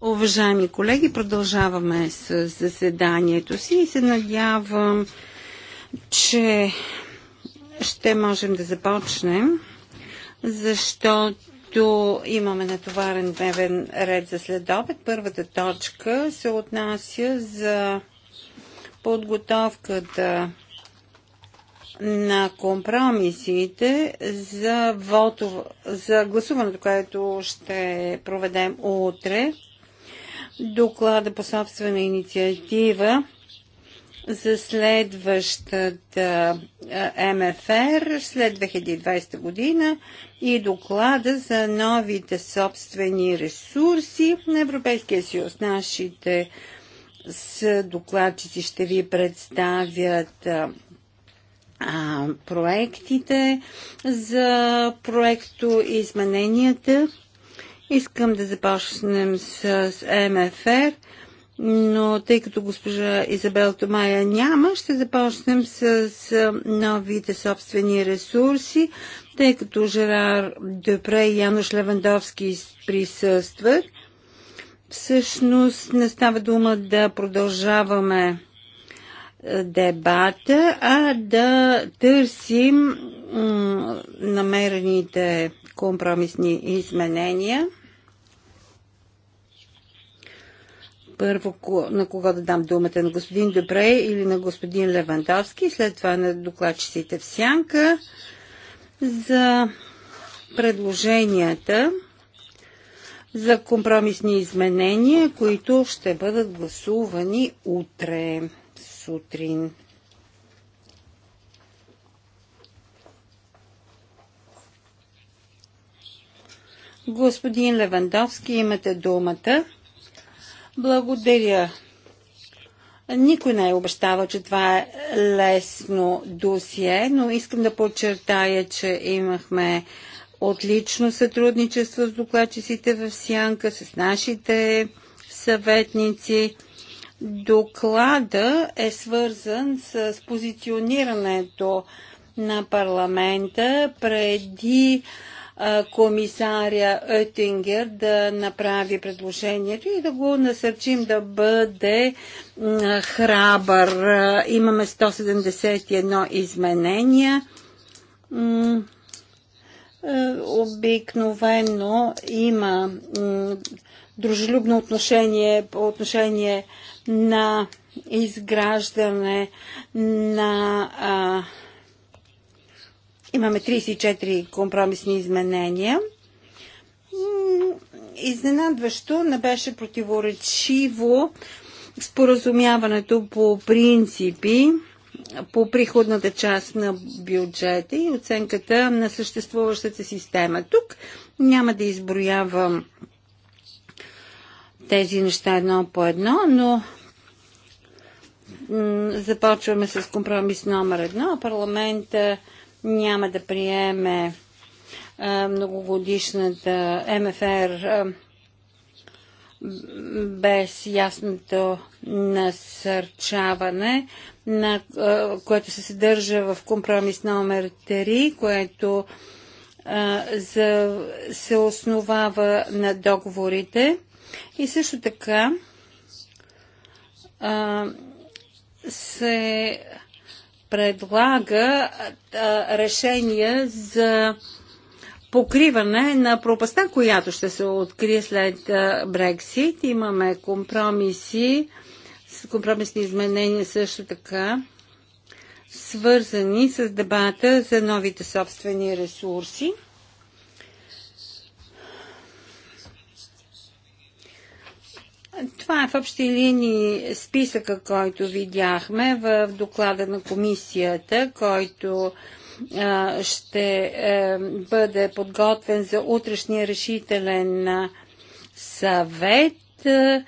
Уважаеми колеги, продължаваме с заседанието си и се надявам, че ще можем да започнем, защото имаме натоварен дневен ред за следобед. Първата точка се отнася за подготовката да на компромисите за, вотов, за гласуването, което ще проведем утре. Доклада по собствена инициатива за следващата МФР след 2020 година и доклада за новите собствени ресурси на Европейския съюз. Нашите с докладчици ще ви представят а, проектите за проекто измененията. Искам да започнем с МФР, но тъй като госпожа Изабел Томая няма, ще започнем с новите собствени ресурси, тъй като Жерар Депре и Януш Левандовски присъстват. Всъщност не става дума да продължаваме дебата, а да търсим намерените компромисни изменения. Първо на кого да дам думата, на господин Добре или на господин Левандовски, след това на докладчиците в Сянка за предложенията за компромисни изменения, които ще бъдат гласувани утре сутрин. Господин Левандовски, имате думата. Благодаря. Никой не е обещава, че това е лесно досие, но искам да подчертая, че имахме отлично сътрудничество с докладчиците в Сянка, с нашите съветници. Доклада е свързан с позиционирането на парламента преди комисаря Оттингер да направи предложението и да го насърчим да бъде храбър. Имаме 171 изменения. Е, обикновено има дружелюбно отношение по отношение на изграждане на. А, имаме 34 компромисни изменения. Изненадващо не беше противоречиво споразумяването по принципи по приходната част на бюджета и оценката на съществуващата система. Тук няма да изброявам тези неща едно по едно, но започваме с компромис номер едно. Парламента няма да приеме многогодишната МФР без ясното насърчаване, на, което се съдържа в компромис номер 3, което а, за, се основава на договорите и също така а, се предлага а, решение за покриване на пропаста, която ще се открие след Брексит. Имаме компромиси, компромисни изменения също така, свързани с дебата за новите собствени ресурси. Това е в общи линии списъка, който видяхме в доклада на комисията, който ще е, бъде подготвен за утрешния решителен съвет, е,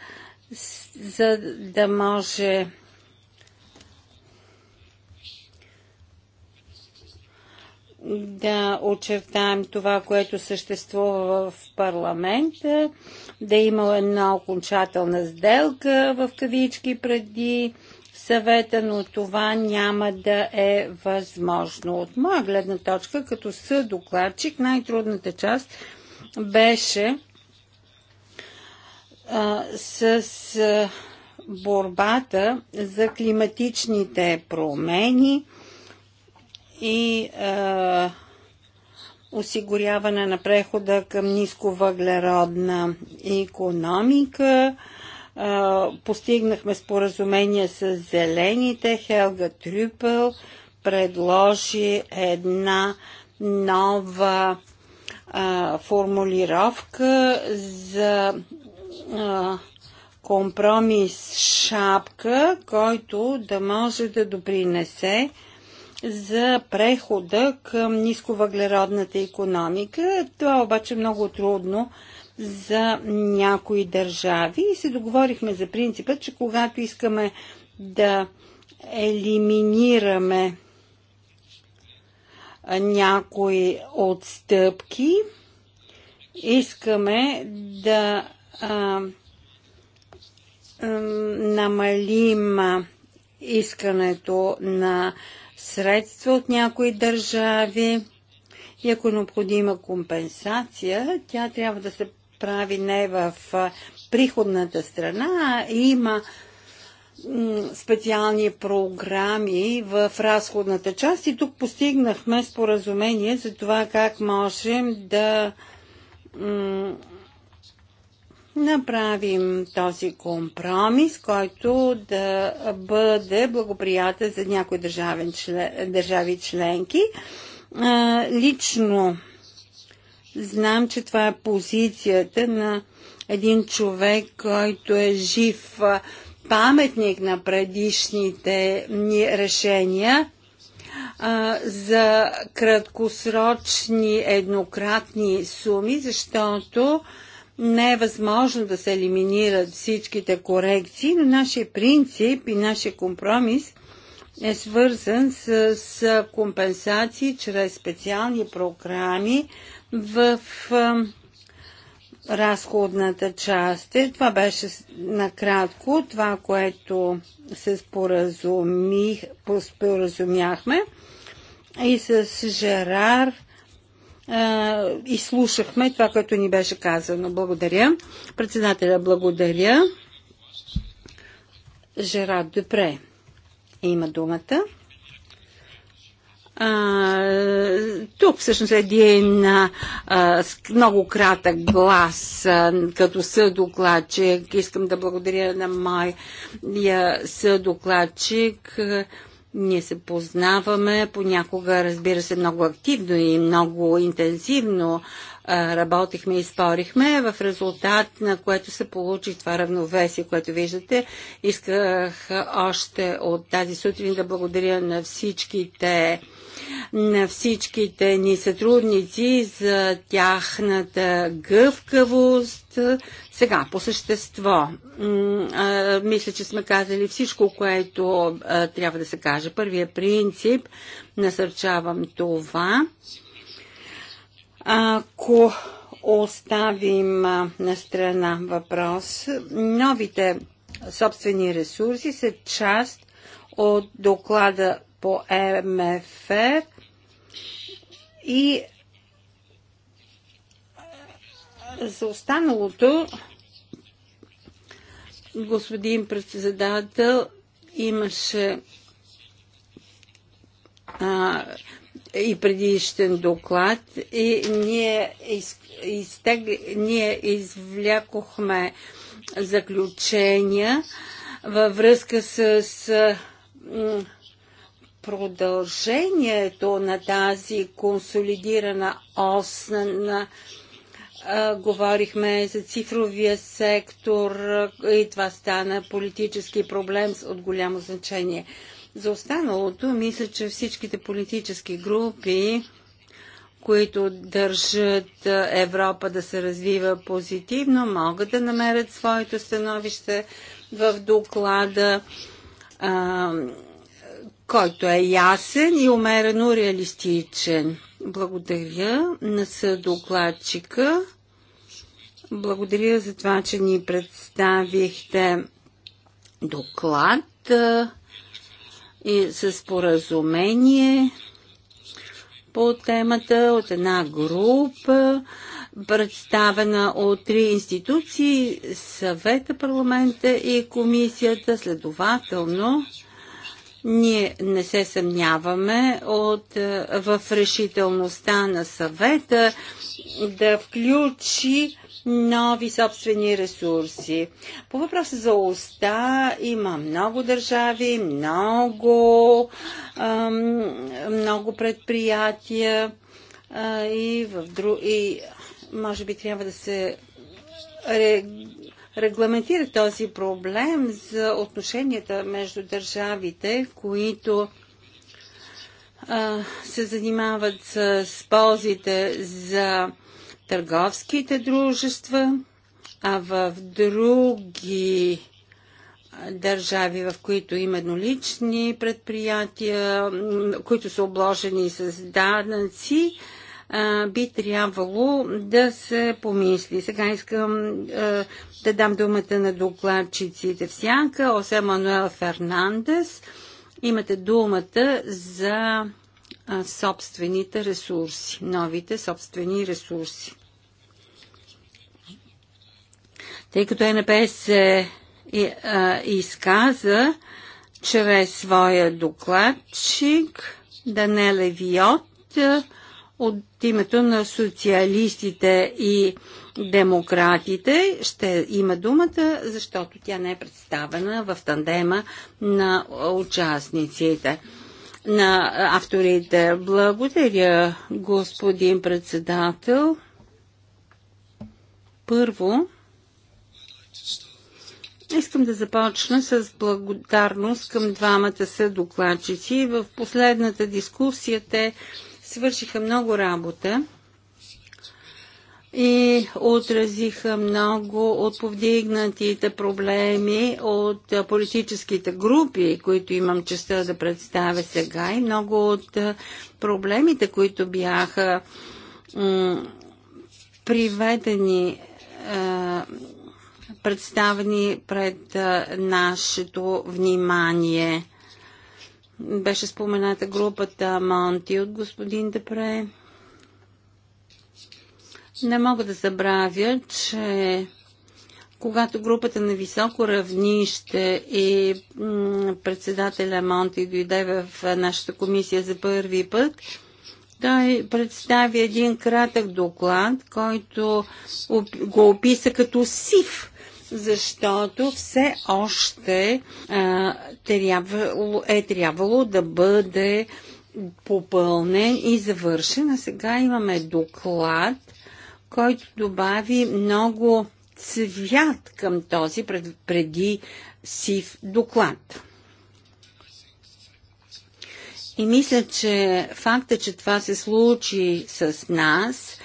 за да може да очертаем това, което съществува в парламента, да е има една окончателна сделка в кавички преди съвета, но това няма да е възможно. От моя гледна точка, като съдокладчик, най-трудната част беше а, с а, борбата за климатичните промени – и а, е, осигуряване на прехода към нисковъглеродна економика. А, е, постигнахме споразумение с зелените. Хелга Трюпел предложи една нова а, е, формулировка за а, компромис шапка, който да може да допринесе за прехода към нисковъглеродната економика. Това обаче е много трудно за някои държави и се договорихме за принципа, че когато искаме да елиминираме някои отстъпки, искаме да а, а, намалим искането на средства от някои държави и ако е необходима компенсация, тя трябва да се прави не в приходната страна, а има специални програми в разходната част и тук постигнахме споразумение за това как можем да направим този компромис, който да бъде благоприятен за някои държави, член, държави членки. А, лично знам, че това е позицията на един човек, който е жив паметник на предишните ни решения а, за краткосрочни еднократни суми, защото не е възможно да се елиминират всичките корекции, но нашия принцип и нашия компромис е свързан с, с компенсации чрез специални програми в разходната част. Е, това беше накратко това, което се споразумих, споразумяхме. И с Жерар и слушахме това, което ни беше казано. Благодаря. Председателя, благодаря. Жерар Депре има думата. А, тук всъщност е един а, много кратък глас а, като съдокладчик. Искам да благодаря на май съдокладчик. А, ние се познаваме, понякога, разбира се, много активно и много интензивно работихме и спорихме, в резултат на което се получи това равновесие, което виждате. Исках още от тази сутрин да благодаря на всичките на всичките ни сътрудници за тяхната гъвкавост. Сега, по същество, мисля, че сме казали всичко, което трябва да се каже. Първият принцип, насърчавам това. Ако оставим на страна въпрос, новите собствени ресурси са част от доклада по МФР и за останалото, господин председател, имаше а, и предишен доклад и ние, из, изтег, ние извлякохме заключения във връзка с, с продължението на тази консолидирана ос на, говорихме за цифровия сектор и това стана политически проблем от голямо значение. За останалото, мисля, че всичките политически групи, които държат Европа да се развива позитивно, могат да намерят своето становище в доклада. А, който е ясен и умерено реалистичен. Благодаря на съдокладчика. Благодаря за това, че ни представихте доклад и със споразумение по темата от една група, представена от три институции съвета, парламента и комисията. Следователно, ние не се съмняваме от, е, в решителността на съвета да включи нови собствени ресурси. По въпроса за уста има много държави, много, много предприятия и, в други, и може би трябва да се регламентира този проблем за отношенията между държавите, които а, се занимават с ползите за търговските дружества, а в други държави, в които има еднолични предприятия, които са обложени с данъци, би трябвало да се помисли. Сега искам да дам думата на докладчиците в сянка. Осе Мануел Фернандес. Имате думата за собствените ресурси, новите собствени ресурси. Тъй като НПС се изказа чрез своя докладчик Данеле Виот от името на социалистите и демократите ще има думата, защото тя не е представена в тандема на участниците на авторите. Благодаря, господин председател. Първо, искам да започна с благодарност към двамата са докладчици. В последната дискусия те свършиха много работа и отразиха много от повдигнатите проблеми от политическите групи, които имам честа да представя сега и много от проблемите, които бяха приведени представени пред нашето внимание – беше спомената групата Монти от господин Депре. Не мога да забравя, че когато групата на високо равнище и председателя Монти дойде в нашата комисия за първи път, той представи един кратък доклад, който го описа като сив защото все още а, трябвало, е трябвало да бъде попълнен и завършен. А сега имаме доклад, който добави много цвят към този пред, преди сив доклад. И мисля, че факта, че това се случи с нас,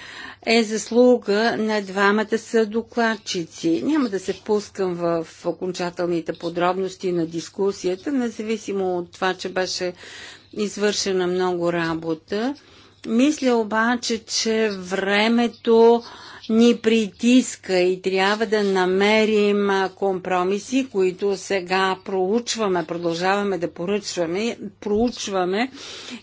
е заслуга на двамата съдокладчици. Няма да се впускам в окончателните подробности на дискусията, независимо от това, че беше извършена много работа. Мисля обаче, че времето ни притиска и трябва да намерим компромиси, които сега проучваме, продължаваме да поръчваме, проучваме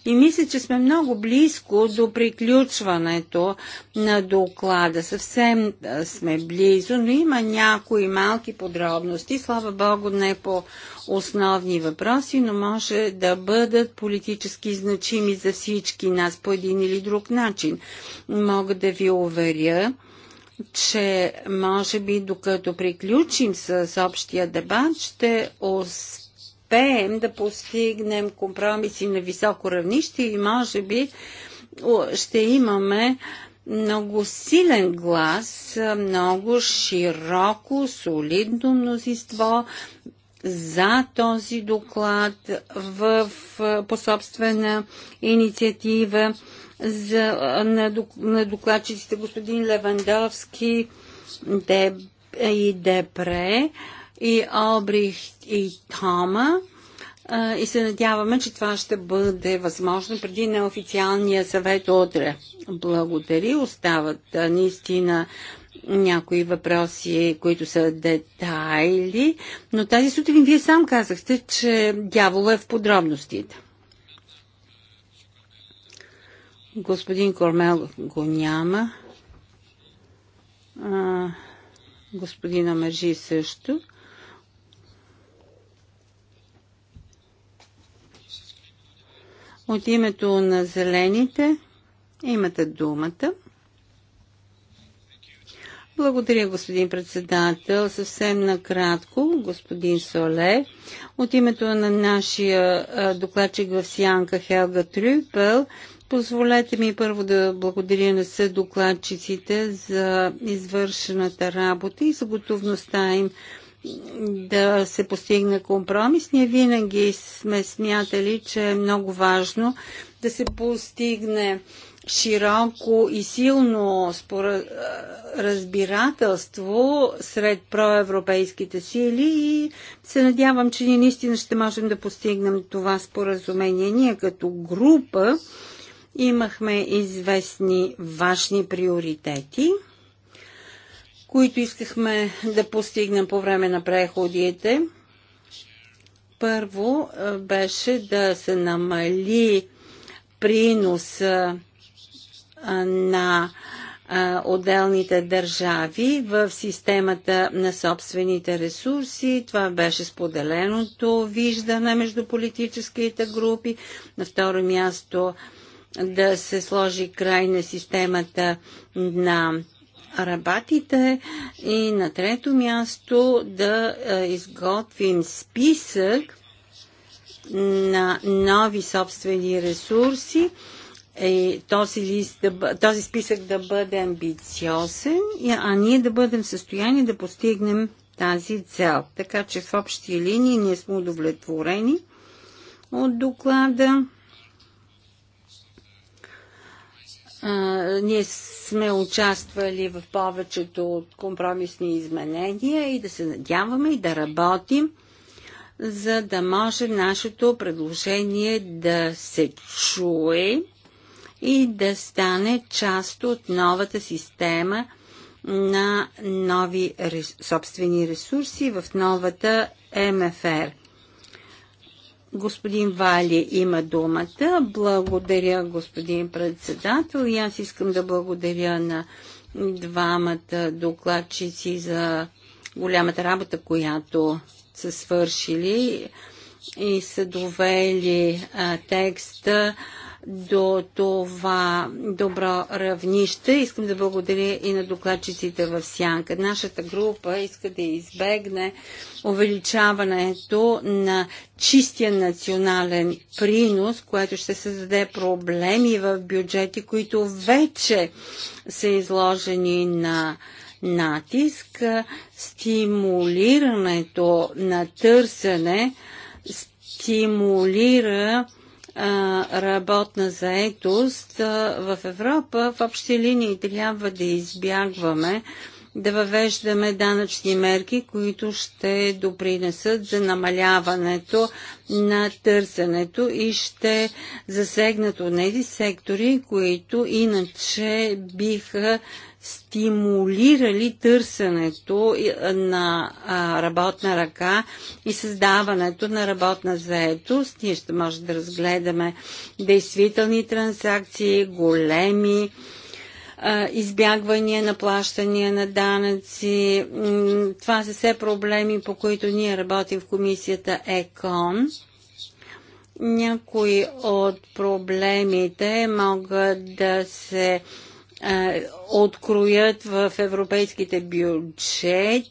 и мисля, че сме много близко до приключването на доклада. Съвсем сме близо, но има някои малки подробности. Слава Богу, не по основни въпроси, но може да бъдат политически значими за всички нас по един или друг начин. Мога да ви уверя, че може би докато приключим с общия дебат, ще успеем да постигнем компромиси на високо равнище и може би ще имаме много силен глас, много широко, солидно мнозинство за този доклад в, пособствена по собствена инициатива за, на, на докладчиците господин Левандовски де, и Депре и Обрих и Тома и се надяваме, че това ще бъде възможно преди неофициалния съвет утре. Благодари. Остават наистина някои въпроси, които са детайли, но тази сутрин вие сам казахте, че дявола е в подробностите. Господин Кормел го няма. А, господин Амержи също. От името на зелените имате думата. Благодаря, господин председател. Съвсем накратко, господин Соле, от името на нашия докладчик в Сянка Хелга Трюпел, Позволете ми първо да благодаря на съдокладчиците за извършената работа и за готовността им да се постигне компромис. Ние винаги сме смятали, че е много важно да се постигне широко и силно разбирателство сред проевропейските сили и се надявам, че ние наистина ще можем да постигнем това споразумение. Ние като група Имахме известни важни приоритети, които искахме да постигнем по време на преходите. Първо беше да се намали принос на отделните държави в системата на собствените ресурси. Това беше споделеното виждане между политическите групи. На второ място да се сложи край на системата на работите и на трето място да изготвим списък на нови собствени ресурси и този, лист да, този списък да бъде амбициозен, а ние да бъдем в състояние да постигнем тази цел. Така че в общи линии ние сме удовлетворени от доклада. ние сме участвали в повечето от компромисни изменения и да се надяваме и да работим, за да може нашето предложение да се чуе и да стане част от новата система на нови собствени ресурси в новата МФР. Господин Вали има думата. Благодаря, господин председател. И аз искам да благодаря на двамата докладчици за голямата работа, която са свършили и са довели а, текста до това добро равнище. Искам да благодаря и на докладчиците в Сянка. Нашата група иска да избегне увеличаването на чистия национален принос, което ще създаде проблеми в бюджети, които вече са изложени на натиск, стимулирането на търсене стимулира работна заетост в Европа, в общи линии трябва да избягваме да въвеждаме данъчни мерки, които ще допринесат за намаляването на търсенето и ще засегнат от тези сектори, които иначе биха стимулирали търсенето на работна ръка и създаването на работна заетост. Ние ще може да разгледаме действителни транзакции, големи избягвания на плащания на данъци. Това са все проблеми, по които ние работим в комисията ЕКОН. Някои от проблемите могат да се е, откроят в европейските бюджети.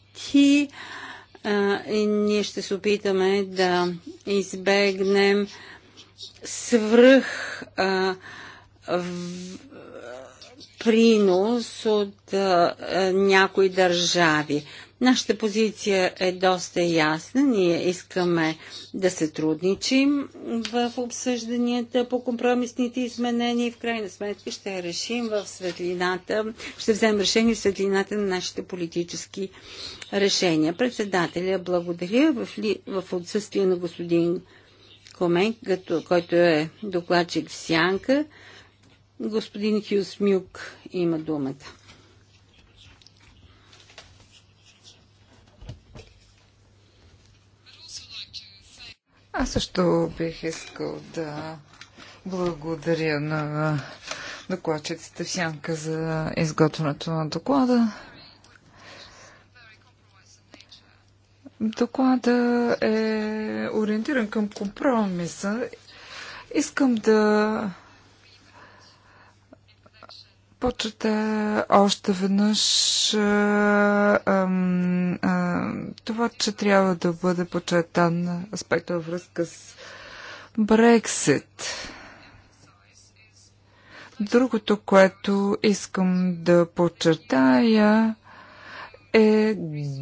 Е, и ние ще се опитаме да избегнем свръх а, е, в, принос от а, някои държави. Нашата позиция е доста ясна. Ние искаме да се трудничим в обсъжданията по компромисните изменения и в крайна сметка ще решим в светлината, ще вземем решение в светлината на нашите политически решения. Председателя, благодаря в, ли, в отсъствие на господин Комен, като, който е докладчик в Сянка. Господин Хюс Мюк има думата. Аз също бих искал да благодаря на докладчиците в Сянка за изготвянето на доклада. Доклада е ориентиран към компромиса. Искам да почета още веднъж а, а, а, това, че трябва да бъде почетан аспект във връзка с Брексит. Другото, което искам да подчертая е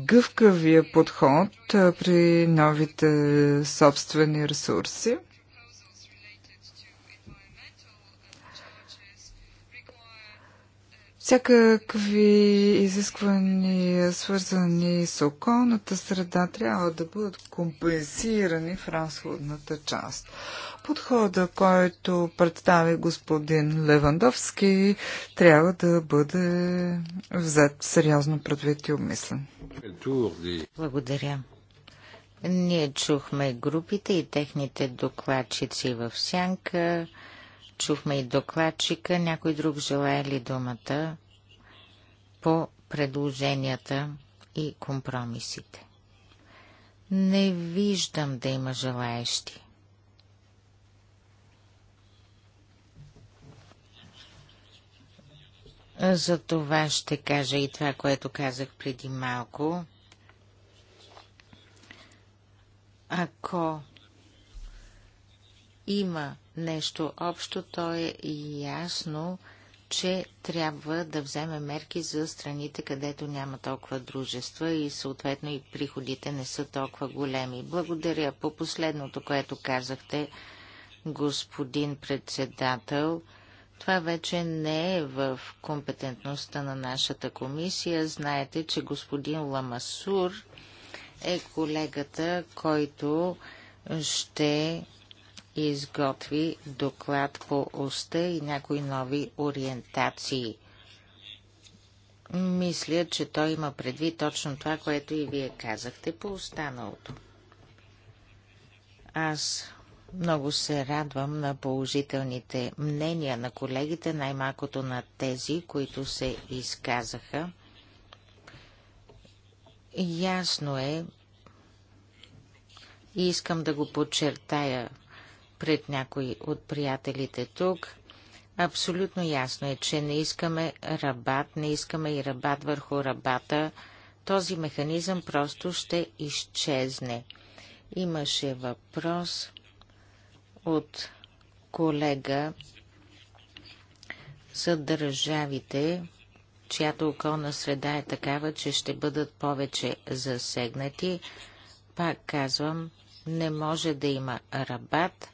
гъвкавия подход при новите собствени ресурси – Всякакви изисквания, свързани с околната среда, трябва да бъдат компенсирани в разходната част. Подхода, който представи господин Левандовски, трябва да бъде взет сериозно предвид и обмислен. Благодаря. Ние чухме групите и техните докладчици в сянка. Чухме и докладчика. Някой друг желая ли думата по предложенията и компромисите? Не виждам да има желаещи. За това ще кажа и това, което казах преди малко. Ако има нещо общо, то е ясно, че трябва да вземе мерки за страните, където няма толкова дружества и съответно и приходите не са толкова големи. Благодаря по последното, което казахте, господин председател. Това вече не е в компетентността на нашата комисия. Знаете, че господин Ламасур е колегата, който ще изготви доклад по уста и някои нови ориентации. Мисля, че той има предвид точно това, което и вие казахте по останалото. Аз много се радвам на положителните мнения на колегите, най-малкото на тези, които се изказаха. Ясно е, и искам да го подчертая пред някои от приятелите тук. Абсолютно ясно е, че не искаме рабат, не искаме и рабат върху рабата. Този механизъм просто ще изчезне. Имаше въпрос от колега за държавите, чиято околна среда е такава, че ще бъдат повече засегнати. Пак казвам, не може да има рабат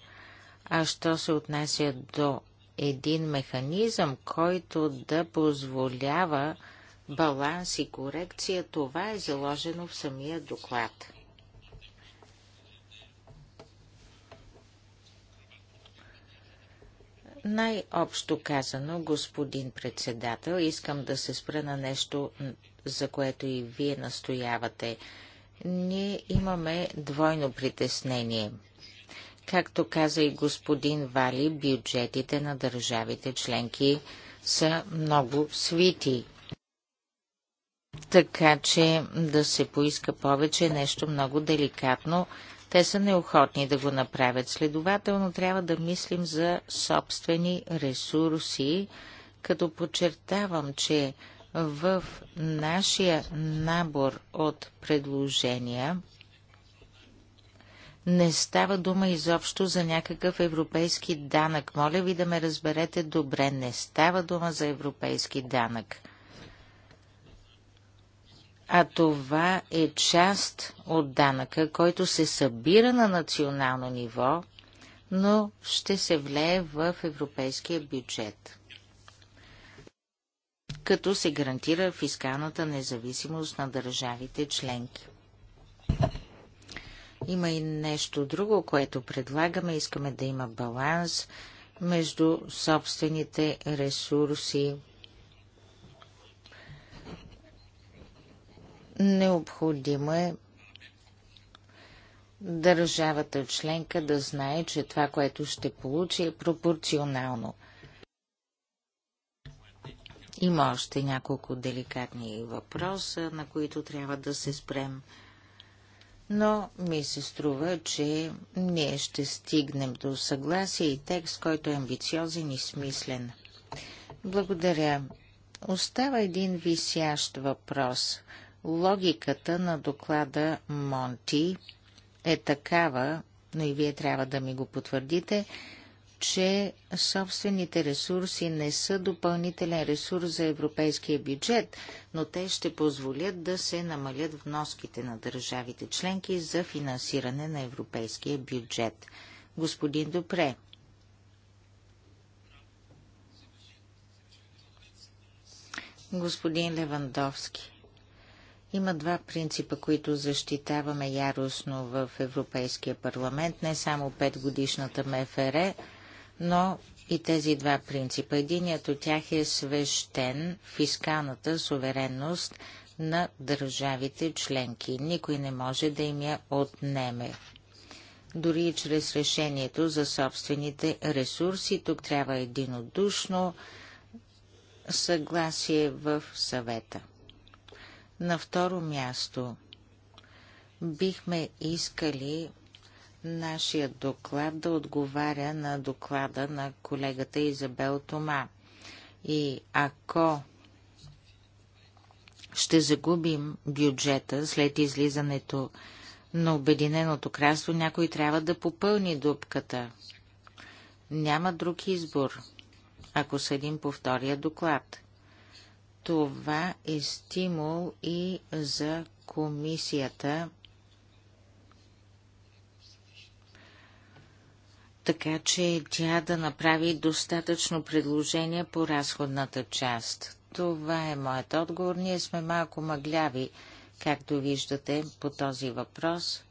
а що се отнася до един механизъм, който да позволява баланс и корекция, това е заложено в самия доклад. Най-общо казано, господин председател, искам да се спра на нещо, за което и вие настоявате. Ние имаме двойно притеснение – Както каза и господин Вали, бюджетите на държавите членки са много свити. Така че да се поиска повече е нещо много деликатно. Те са неохотни да го направят. Следователно трябва да мислим за собствени ресурси, като подчертавам, че в нашия набор от предложения не става дума изобщо за някакъв европейски данък. Моля ви да ме разберете добре. Не става дума за европейски данък. А това е част от данъка, който се събира на национално ниво, но ще се влее в европейския бюджет като се гарантира фискалната независимост на държавите членки. Има и нещо друго, което предлагаме. Искаме да има баланс между собствените ресурси. Необходимо е държавата членка да знае, че това, което ще получи е пропорционално. Има още няколко деликатни въпроса, на които трябва да се спрем но ми се струва, че ние ще стигнем до съгласие и текст, който е амбициозен и смислен. Благодаря. Остава един висящ въпрос. Логиката на доклада Монти е такава, но и вие трябва да ми го потвърдите, че собствените ресурси не са допълнителен ресурс за европейския бюджет, но те ще позволят да се намалят вноските на държавите членки за финансиране на европейския бюджет. Господин Допре. Господин Левандовски. Има два принципа, които защитаваме яростно в Европейския парламент, не само петгодишната МФР, но и тези два принципа. Единият от тях е свещен фискалната суверенност на държавите членки. Никой не може да им я отнеме. Дори и чрез решението за собствените ресурси, тук трябва единодушно съгласие в съвета. На второ място бихме искали Нашия доклад да отговаря на доклада на колегата Изабел Тома. И ако ще загубим бюджета след излизането на Обединеното кралство, някой трябва да попълни дупката. Няма друг избор, ако съдим по втория доклад. Това е стимул и за комисията така че тя да направи достатъчно предложения по разходната част. Това е моят отговор. Ние сме малко мъгляви, както виждате, по този въпрос.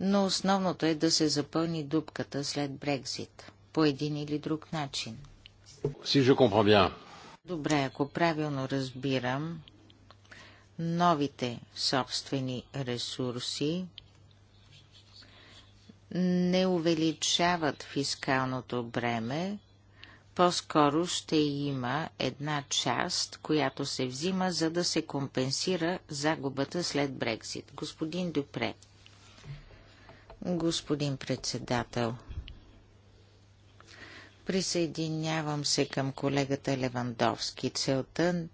Но основното е да се запълни дупката след Брекзит, по един или друг начин. Si Добре, ако правилно разбирам, новите собствени ресурси не увеличават фискалното бреме, по-скоро ще има една част, която се взима, за да се компенсира загубата след Брексит. Господин Дюпре. Господин председател. Присъединявам се към колегата Левандовски. Целта,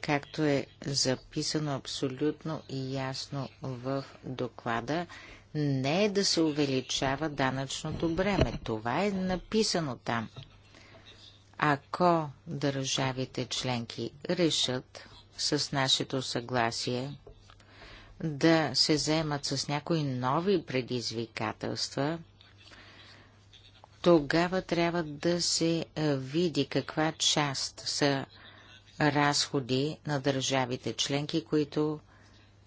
както е записано абсолютно и ясно в доклада, не е да се увеличава данъчното бреме. Това е написано там. Ако държавите членки решат с нашето съгласие да се заемат с някои нови предизвикателства, тогава трябва да се види каква част са разходи на държавите членки, които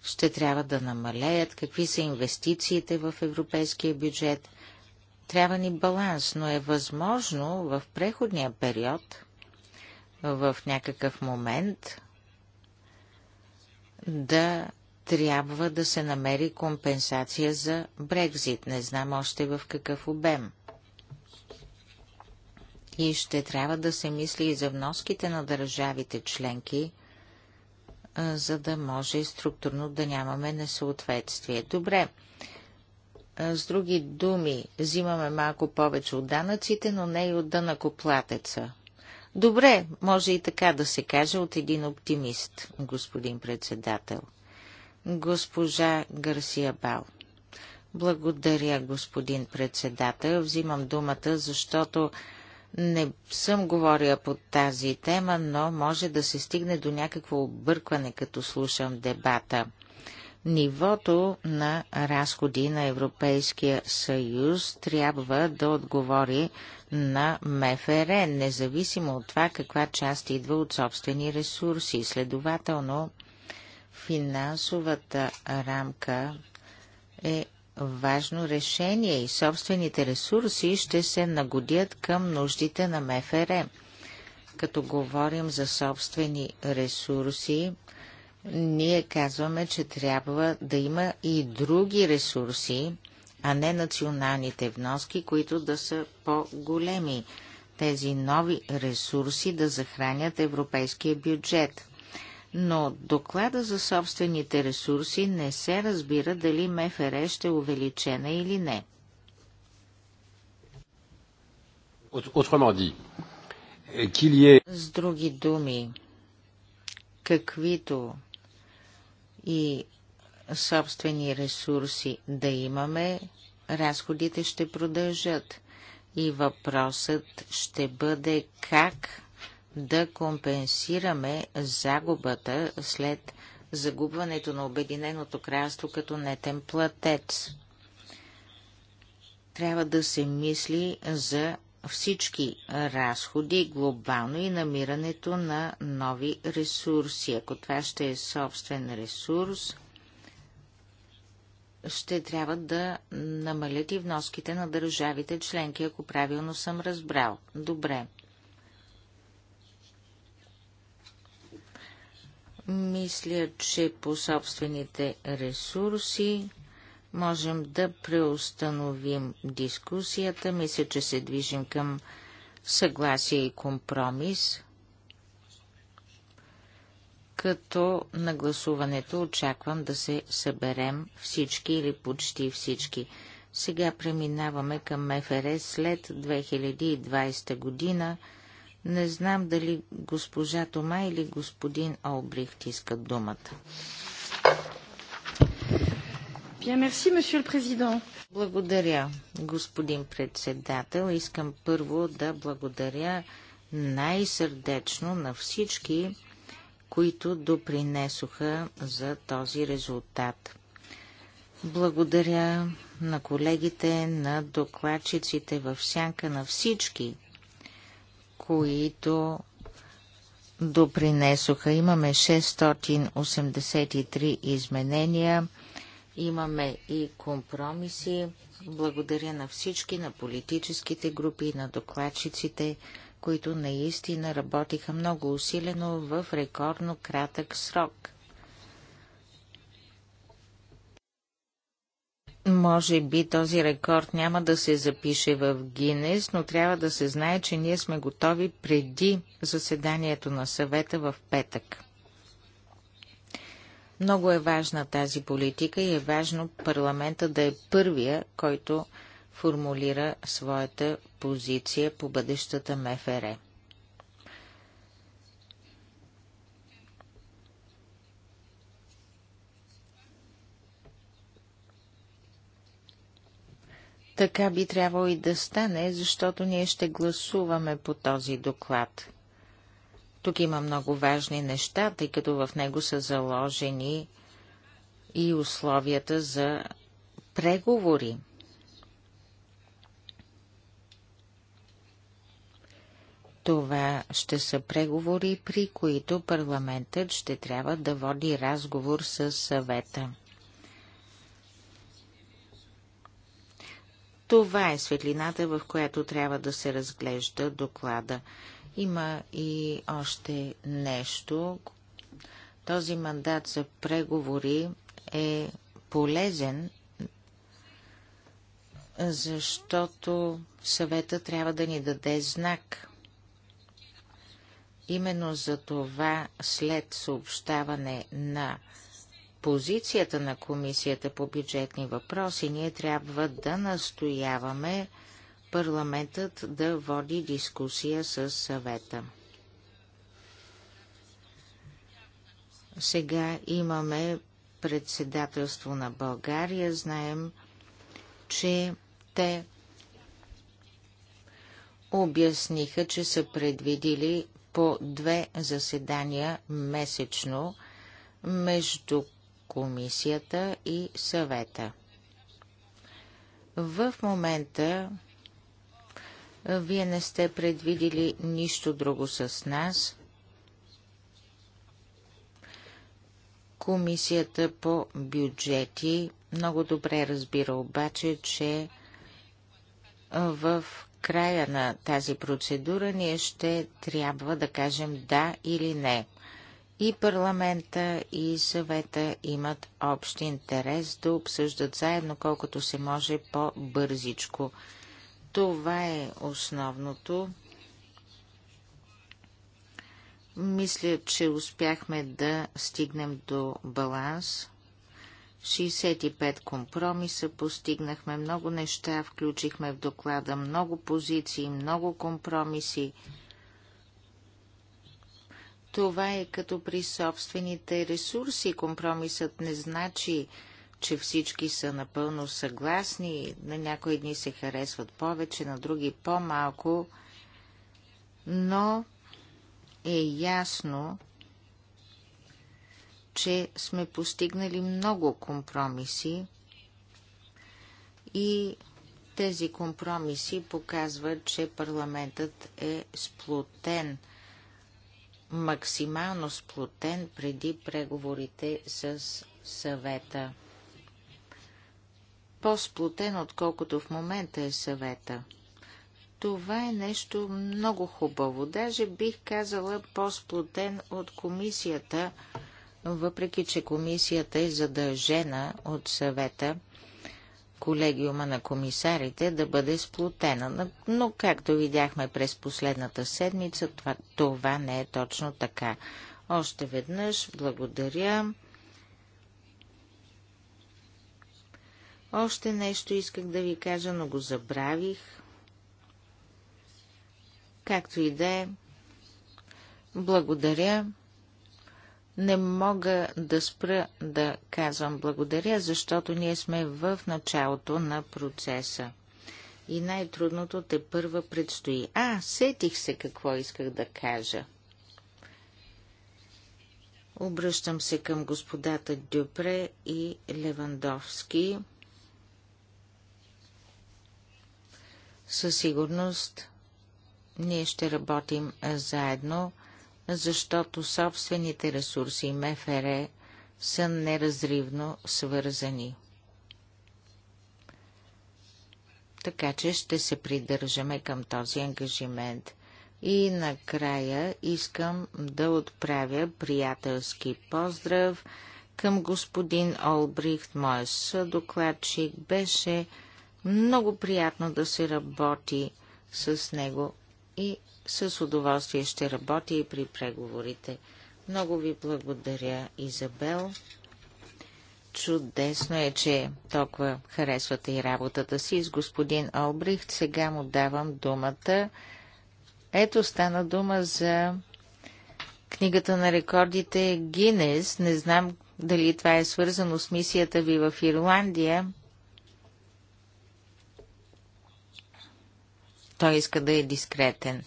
ще трябва да намалеят, какви са инвестициите в европейския бюджет. Трябва ни баланс, но е възможно в преходния период, в някакъв момент, да трябва да се намери компенсация за Брекзит. Не знам още в какъв обем. И ще трябва да се мисли и за вноските на държавите членки – за да може структурно да нямаме несъответствие. Добре. С други думи, взимаме малко повече от данъците, но не и от дънакоплатеца. Добре, може и така да се каже от един оптимист, господин председател. Госпожа Гарсия Бал. Благодаря, господин председател. Взимам думата, защото не съм говоря по тази тема, но може да се стигне до някакво объркване, като слушам дебата. Нивото на разходи на Европейския съюз трябва да отговори на МФР, независимо от това каква част идва от собствени ресурси. Следователно, финансовата рамка е важно решение и собствените ресурси ще се нагодят към нуждите на МФР. Като говорим за собствени ресурси, ние казваме, че трябва да има и други ресурси, а не националните вноски, които да са по-големи. Тези нови ресурси да захранят европейския бюджет но от доклада за собствените ресурси не се разбира дали МФР ще е увеличена или не. Е, е? С други думи, каквито и собствени ресурси да имаме, разходите ще продължат. И въпросът ще бъде как да компенсираме загубата след загубването на Обединеното кралство като нетен платец. Трябва да се мисли за всички разходи глобално и намирането на нови ресурси. Ако това ще е собствен ресурс, ще трябва да намалят и вноските на държавите членки, ако правилно съм разбрал. Добре. Мисля, че по собствените ресурси можем да преустановим дискусията. Мисля, че се движим към съгласие и компромис, като на гласуването очаквам да се съберем всички или почти всички. Сега преминаваме към МФР след 2020 година. Не знам дали госпожа Тома или господин Олбрихт искат думата. Благодаря, господин председател. Искам първо да благодаря най-сърдечно на всички, които допринесоха за този резултат. Благодаря на колегите, на докладчиците в сянка на всички, които допринесоха. Имаме 683 изменения, имаме и компромиси. Благодаря на всички, на политическите групи на докладчиците, които наистина работиха много усилено в рекордно кратък срок – Може би този рекорд няма да се запише в Гинес, но трябва да се знае, че ние сме готови преди заседанието на съвета в петък. Много е важна тази политика и е важно парламента да е първия, който формулира своята позиция по бъдещата МФР. Така би трябвало и да стане, защото ние ще гласуваме по този доклад. Тук има много важни неща, тъй като в него са заложени и условията за преговори. Това ще са преговори, при които парламентът ще трябва да води разговор с съвета. Това е светлината, в която трябва да се разглежда доклада. Има и още нещо. Този мандат за преговори е полезен, защото съвета трябва да ни даде знак. Именно за това след съобщаване на позицията на Комисията по бюджетни въпроси, ние трябва да настояваме парламентът да води дискусия с съвета. Сега имаме председателство на България. Знаем, че те обясниха, че са предвидили по две заседания месечно, между комисията и съвета. В момента вие не сте предвидили нищо друго с нас. Комисията по бюджети много добре разбира обаче, че в края на тази процедура ние ще трябва да кажем да или не. И парламента, и съвета имат общ интерес да обсъждат заедно колкото се може по-бързичко. Това е основното. Мисля, че успяхме да стигнем до баланс. 65 компромиса постигнахме, много неща включихме в доклада, много позиции, много компромиси. Това е като при собствените ресурси. Компромисът не значи, че всички са напълно съгласни. На някои дни се харесват повече, на други по-малко. Но е ясно, че сме постигнали много компромиси и тези компромиси показват, че парламентът е сплотен – максимално сплотен преди преговорите с съвета. По-сплотен, отколкото в момента е съвета. Това е нещо много хубаво. Даже бих казала по-сплотен от комисията, въпреки че комисията е задължена от съвета колегиума на комисарите да бъде сплутена. Но, както видяхме през последната седмица, това, това не е точно така. Още веднъж благодаря. Още нещо исках да ви кажа, но го забравих. Както и да е, благодаря не мога да спра да казвам благодаря, защото ние сме в началото на процеса. И най-трудното те първа предстои. А, сетих се какво исках да кажа. Обръщам се към господата Дюпре и Левандовски. Със сигурност ние ще работим заедно защото собствените ресурси МФР са неразривно свързани. Така че ще се придържаме към този ангажимент. И накрая искам да отправя приятелски поздрав към господин Олбрихт, моя съдокладчик. Беше много приятно да се работи с него и с удоволствие ще работя и при преговорите. Много ви благодаря, Изабел. Чудесно е, че толкова харесвате и работата си с господин Олбрихт. Сега му давам думата. Ето стана дума за книгата на рекордите Гинес. Не знам дали това е свързано с мисията ви в Ирландия. Той иска да е дискретен.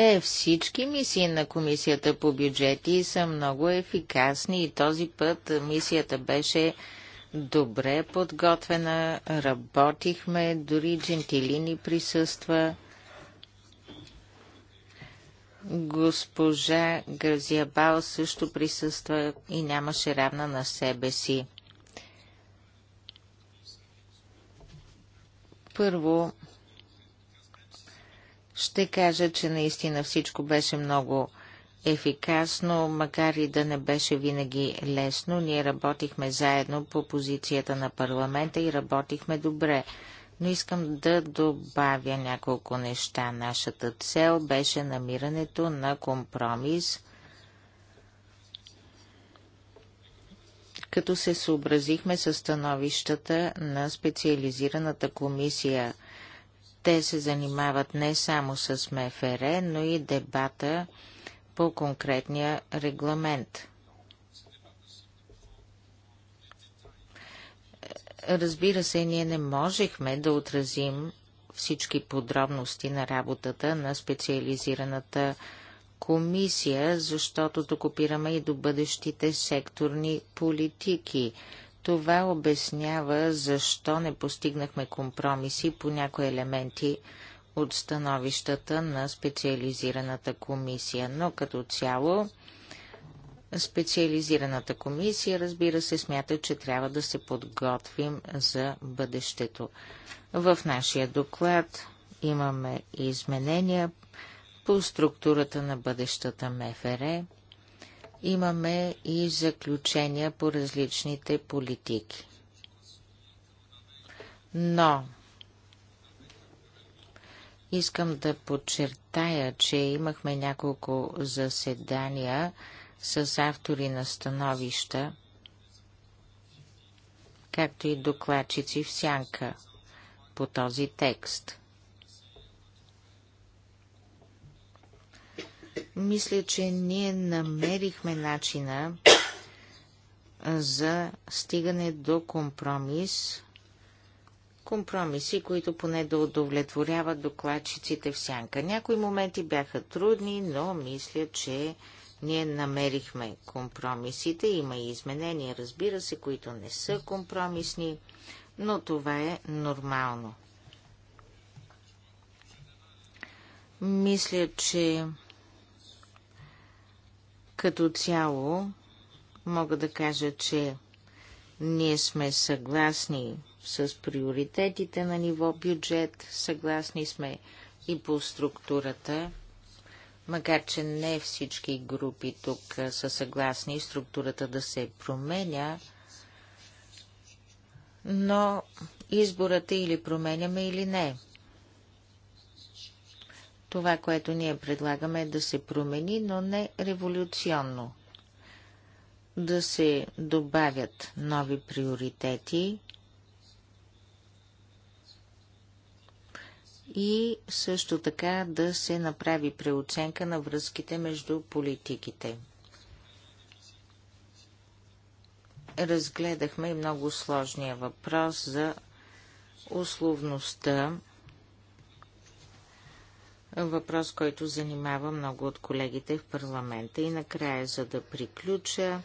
Е, всички мисии на комисията по бюджети са много ефикасни и този път мисията беше добре подготвена, работихме, дори Джентилини присъства. Госпожа Гързиабал също присъства и нямаше равна на себе си. Първо, ще кажа, че наистина всичко беше много ефикасно, макар и да не беше винаги лесно. Ние работихме заедно по позицията на парламента и работихме добре. Но искам да добавя няколко неща. Нашата цел беше намирането на компромис, като се съобразихме с становищата на специализираната комисия – те се занимават не само с МФР, но и дебата по конкретния регламент. Разбира се, ние не можехме да отразим всички подробности на работата на специализираната комисия, защото тук опираме и до бъдещите секторни политики. Това обяснява защо не постигнахме компромиси по някои елементи от становищата на специализираната комисия, но като цяло специализираната комисия, разбира се, смята, че трябва да се подготвим за бъдещето. В нашия доклад имаме изменения по структурата на бъдещата МФР, имаме и заключения по различните политики. Но искам да подчертая, че имахме няколко заседания с автори на становища, както и докладчици в сянка по този текст. Мисля, че ние намерихме начина за стигане до компромис. Компромиси, които поне да удовлетворяват докладчиците в сянка. Някои моменти бяха трудни, но мисля, че ние намерихме компромисите. Има и изменения, разбира се, които не са компромисни, но това е нормално. Мисля, че като цяло мога да кажа, че ние сме съгласни с приоритетите на ниво бюджет, съгласни сме и по структурата, макар че не всички групи тук са съгласни структурата да се променя, но изборът е или променяме или не. Това, което ние предлагаме е да се промени, но не революционно. Да се добавят нови приоритети и също така да се направи преоценка на връзките между политиките. Разгледахме и много сложния въпрос за условността въпрос, който занимава много от колегите в парламента. И накрая, за да приключа,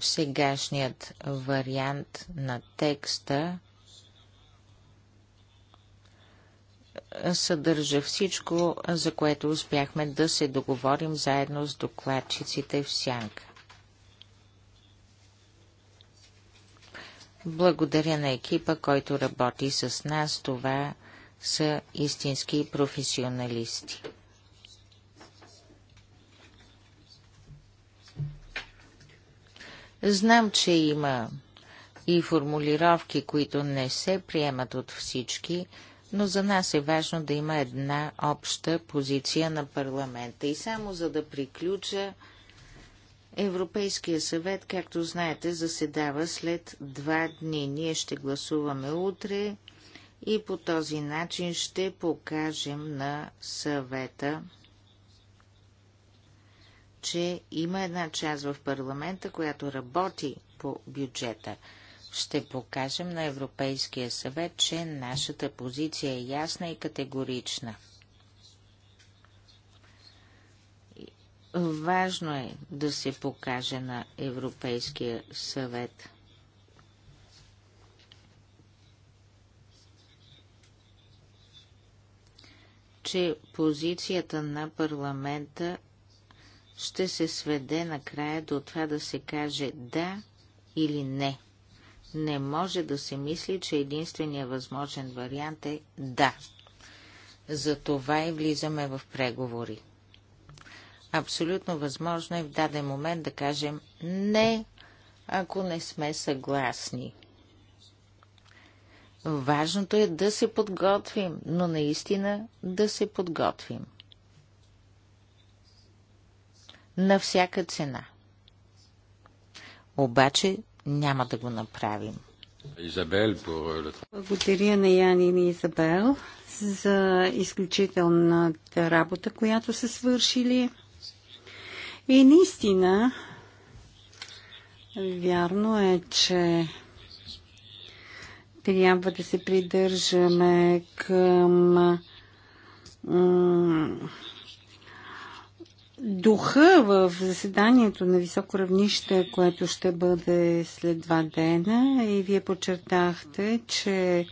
сегашният вариант на текста съдържа всичко, за което успяхме да се договорим заедно с докладчиците в Сянка. Благодаря на екипа, който работи с нас. Това са истински професионалисти. Знам, че има и формулировки, които не се приемат от всички, но за нас е важно да има една обща позиция на парламента. И само за да приключа, Европейския съвет, както знаете, заседава след два дни. Ние ще гласуваме утре и по този начин ще покажем на съвета, че има една част в парламента, която работи по бюджета. Ще покажем на Европейския съвет, че нашата позиция е ясна и категорична. Важно е да се покаже на Европейския съвет – че позицията на парламента ще се сведе накрая до това да се каже да или не. Не може да се мисли, че единственият възможен вариант е да. За това и влизаме в преговори. Абсолютно възможно е в даден момент да кажем не, ако не сме съгласни. Важното е да се подготвим, но наистина да се подготвим. На всяка цена. Обаче няма да го направим. Изабел, э, Благодаря на Яни и Изабел за изключителната работа, която са свършили. И наистина, вярно е, че трябва да се придържаме към духа в заседанието на високо равнище, което ще бъде след два дена и вие подчертахте, че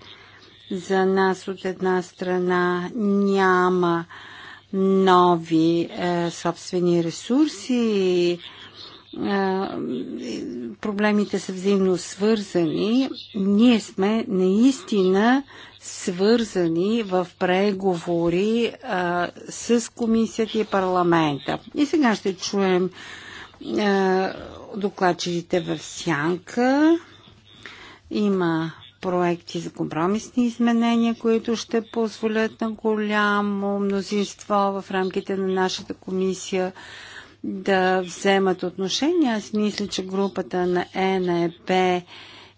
за нас от една страна няма нови е, собствени ресурси, проблемите са взаимно свързани. Ние сме наистина свързани в преговори а, с комисията и парламента. И сега ще чуем докладчите докладчиците в сянка. Има проекти за компромисни изменения, които ще позволят на голямо мнозинство в рамките на нашата комисия да вземат отношение. Аз мисля, че групата на ЕНЕП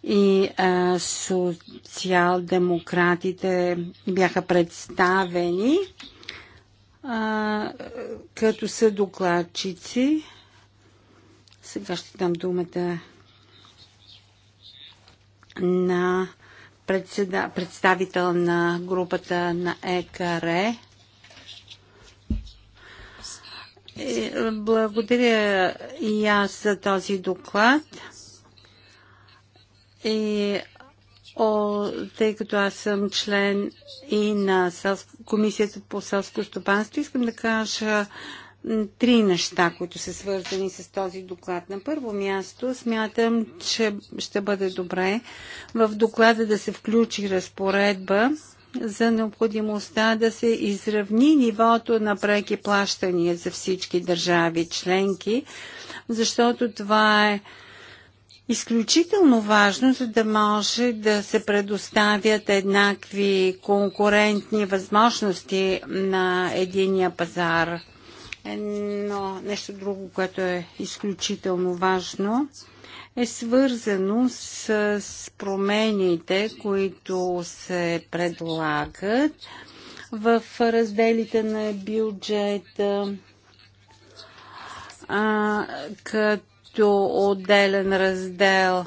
и а, социал-демократите бяха представени а, като са докладчици. Сега ще дам думата на представител на групата на ЕКРЕ. Е, благодаря и аз за този доклад. И е, О, тъй като аз съм член и на Комисията по селско стопанство, искам да кажа три неща, които са свързани с този доклад. На първо място смятам, че ще бъде добре в доклада да се включи разпоредба, за необходимостта да се изравни нивото на преки плащания за всички държави членки, защото това е изключително важно, за да може да се предоставят еднакви конкурентни възможности на единия пазар. Но нещо друго, което е изключително важно – е свързано с, с промените, които се предлагат в разделите на бюджета, а, като отделен раздел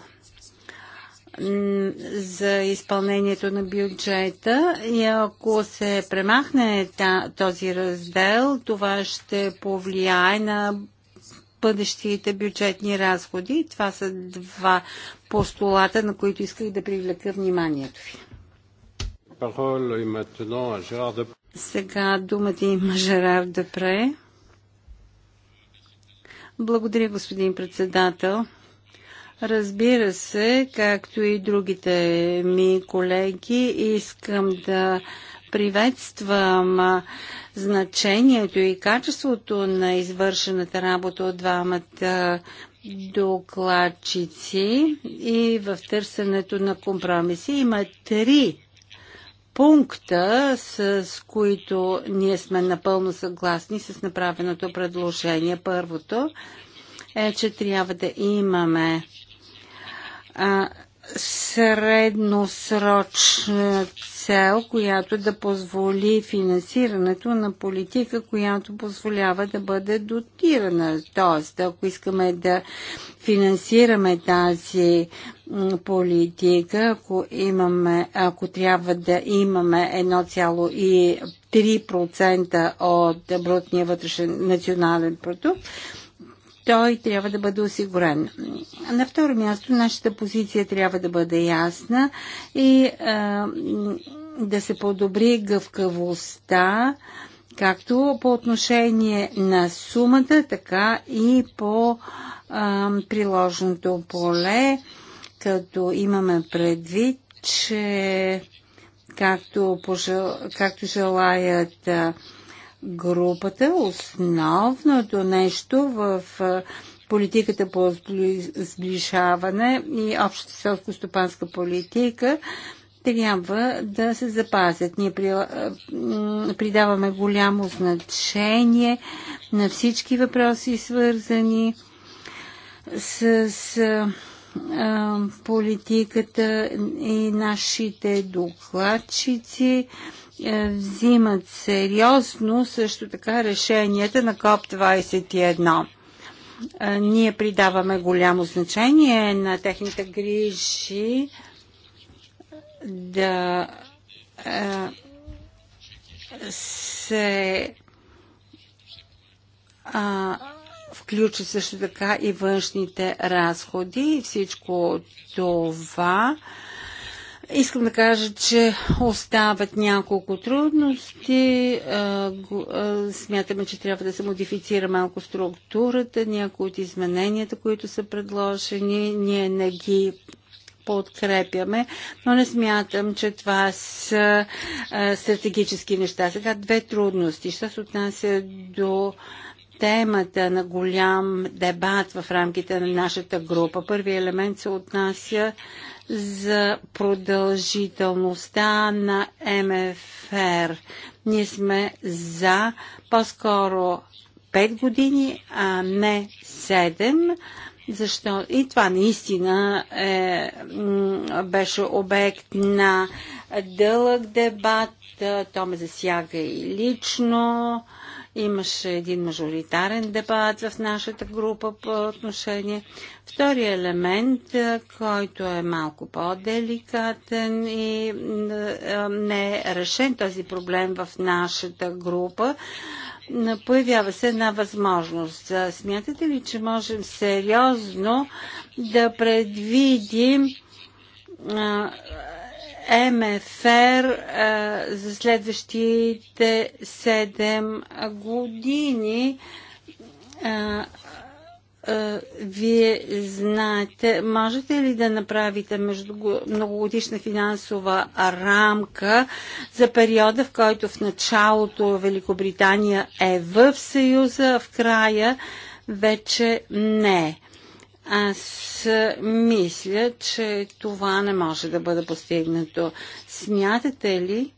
за изпълнението на бюджета и ако се премахне този раздел, това ще повлияе на бъдещите бюджетни разходи. Това са два постулата, на които исках да привлека вниманието ви. Е Сега думата има Жерар Депре. Благодаря, господин председател. Разбира се, както и другите ми колеги, искам да Приветствам значението и качеството на извършената работа от двамата докладчици и в търсенето на компромиси. Има три пункта, с които ние сме напълно съгласни с направеното предложение. Първото е, че трябва да имаме а, средносрочна цел, която да позволи финансирането на политика, която позволява да бъде дотирана. Тоест, ако искаме да финансираме тази политика, ако, имаме, ако трябва да имаме 1,3% от брутния вътрешен национален продукт, той трябва да бъде осигурен. На второ място, нашата позиция трябва да бъде ясна и а, да се подобри гъвкавостта, както по отношение на сумата, така и по а, приложното поле, като имаме предвид, че както, пожел... както желаят а, групата, основното нещо в политиката по сближаване и общата селско-стопанска политика трябва да се запазят. Ние придаваме голямо значение на всички въпроси, свързани с политиката и нашите докладчици е, взимат сериозно също така решенията на КОП-21 е, ние придаваме голямо значение на техните грижи да е, се а, включат също така и външните разходи. и Всичко това Искам да кажа, че остават няколко трудности. Смятаме, че трябва да се модифицира малко структурата, някои от измененията, които са предложени. Ние не ги подкрепяме, но не смятам, че това са стратегически неща. Сега две трудности. Що се отнася до темата на голям дебат в рамките на нашата група? Първият елемент се отнася за продължителността на МФР. Ние сме за по-скоро 5 години, а не 7. Защо? И това наистина е, беше обект на дълъг дебат. То ме засяга и лично Имаше един мажоритарен дебат в нашата група по отношение. Втория елемент, който е малко по-деликатен и не е решен този проблем в нашата група, появява се една възможност. Смятате ли, че можем сериозно да предвидим МФР а, за следващите 7 години. А, вие знаете, можете ли да направите между многогодишна финансова рамка за периода, в който в началото Великобритания е в Съюза, в края вече не. Аз мисля, че това не може да бъде постигнато. Смятате ли,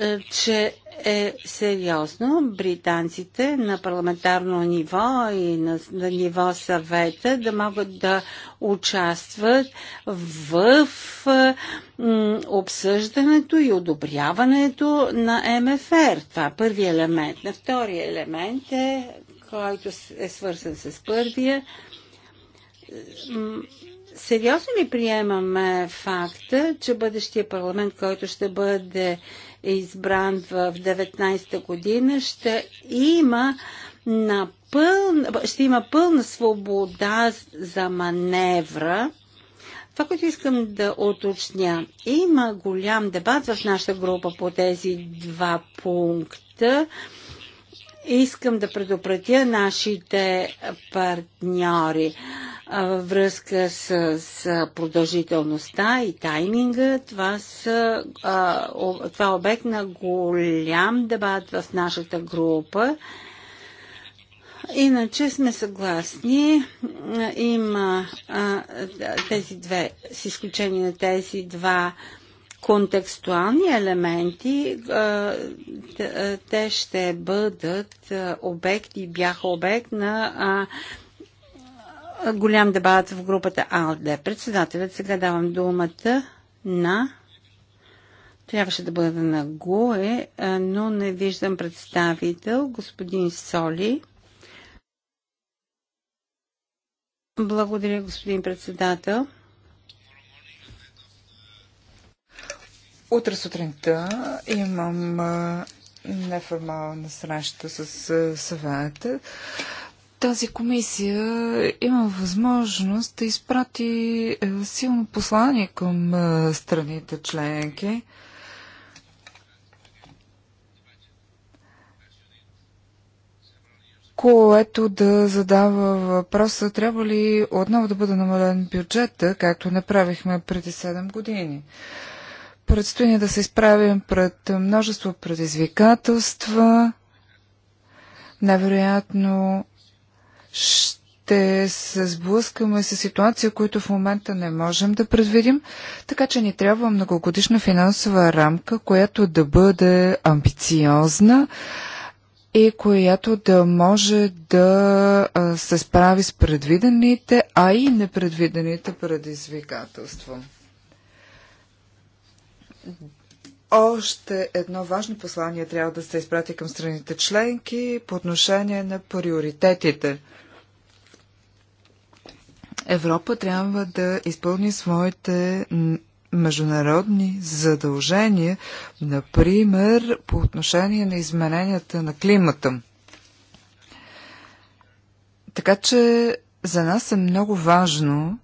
е, че е сериозно британците на парламентарно ниво и на, на ниво съвета да могат да участват в е, м, обсъждането и одобряването на МФР. Това е първият елемент. На втория елемент е, който е свързан с първия, сериозно ли приемаме факта, че бъдещия парламент, който ще бъде избран в 19-та година, ще има пълна, ще има пълна свобода за маневра. Това, което искам да оточня, има голям дебат в нашата група по тези два пункта. Искам да предупредя нашите партньори във връзка с, с продължителността и тайминга. Това, са, а, о, това е обект на голям дебат в нашата група. Иначе сме съгласни. Има а, тези две, с изключение на тези два контекстуални елементи, а, те ще бъдат обект и бяха обект на а, голям дебат в групата АЛД. Председателят сега давам думата на трябваше да бъда на ГУЕ, но не виждам представител, господин Соли. Благодаря, господин председател. Утре сутринта имам неформална среща с съвета тази комисия има възможност да изпрати е, силно послание към е, страните членки. което да задава въпроса, трябва ли отново да бъде намален бюджета, както направихме преди 7 години. Предстои ни да се изправим пред множество предизвикателства, невероятно ще се сблъскаме с ситуация, които в момента не можем да предвидим, така че ни трябва многогодишна финансова рамка, която да бъде амбициозна и която да може да се справи с предвидените, а и непредвидените предизвикателства. Още едно важно послание трябва да се изпрати към страните членки по отношение на приоритетите – Европа трябва да изпълни своите международни задължения, например по отношение на измененията на климата. Така че за нас е много важно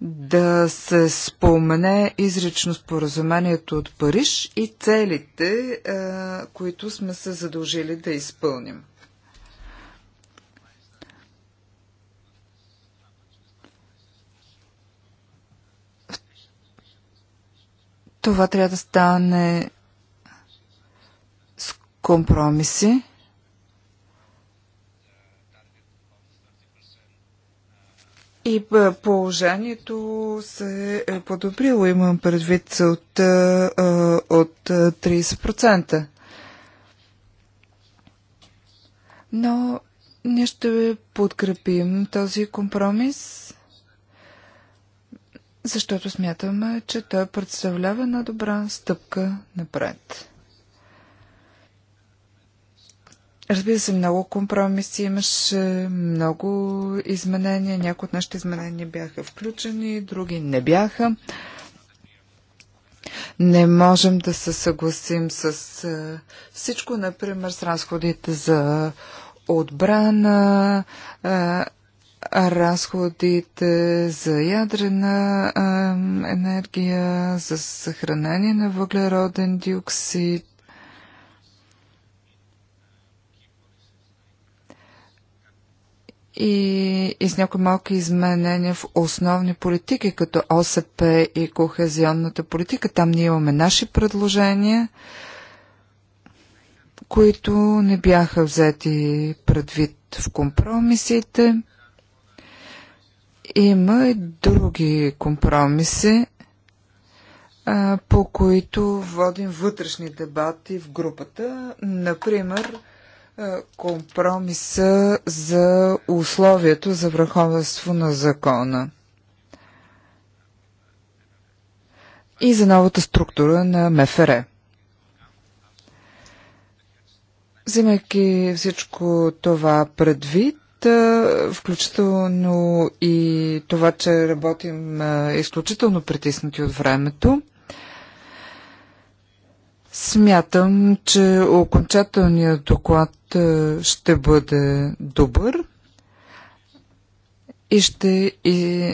да се спомене изрично споразумението от Париж и целите, е, които сме се задължили да изпълним. Това трябва да стане с компромиси. И е, положението се е подобрило, имам предвид от, е, е, от 30%. Но ние ще подкрепим този компромис. Защото смятаме, че той представлява една добра стъпка напред. Разбира се, много компромиси имаше, много изменения. Някои от нашите изменения бяха включени, други не бяха. Не можем да се съгласим с всичко, например, с разходите за отбрана, разходите за ядрена енергия, за съхранение на въглероден диоксид. И, и с някои малки изменения в основни политики, като ОСП и кохезионната политика. Там ние имаме наши предложения, които не бяха взети предвид в компромисите. Има и други компромиси, по които водим вътрешни дебати в групата. Например, компромиса за условието за върховенство на закона и за новата структура на МФР. Взимайки всичко това предвид, включително и това, че работим изключително притиснати от времето. Смятам, че окончателният доклад ще бъде добър и ще и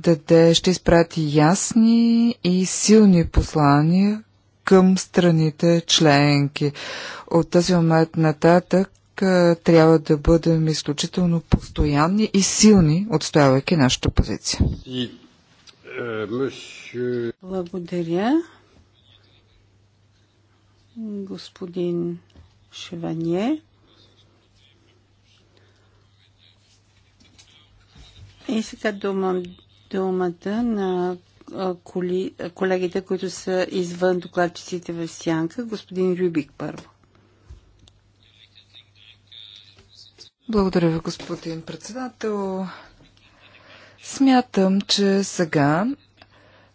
даде, ще изпрати ясни и силни послания към страните членки. От този момент нататък точка трябва да бъдем изключително постоянни и силни, отстоявайки нашата позиция. Е, Благодаря. Господин Шеванье. И сега думам думата на колегите, които са извън докладчиците в Сянка. Господин Рюбик първо. Благодаря ви, господин председател. Смятам, че сега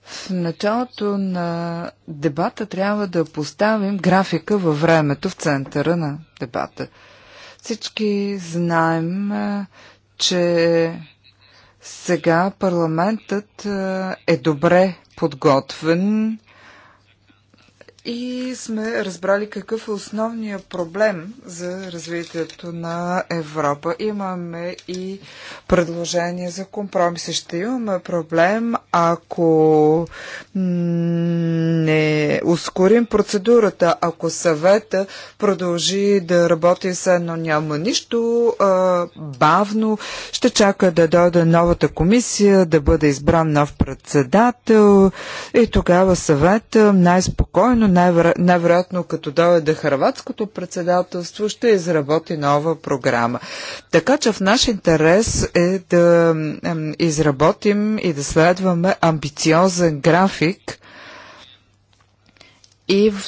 в началото на дебата трябва да поставим графика във времето в центъра на дебата. Всички знаем, че сега парламентът е добре подготвен и сме разбрали какъв е основният проблем за развитието на Европа. Имаме и предложение за компромиси. Ще имаме проблем, ако не ускорим процедурата, ако съвета продължи да работи с едно няма нищо, бавно ще чака да дойде новата комисия, да бъде избран нов председател и тогава съвет най-спокойно, най-вероятно като дойде хрватското председателство, ще изработи нова програма. Така че в наш интерес е да изработим и да следваме амбициозен график, и в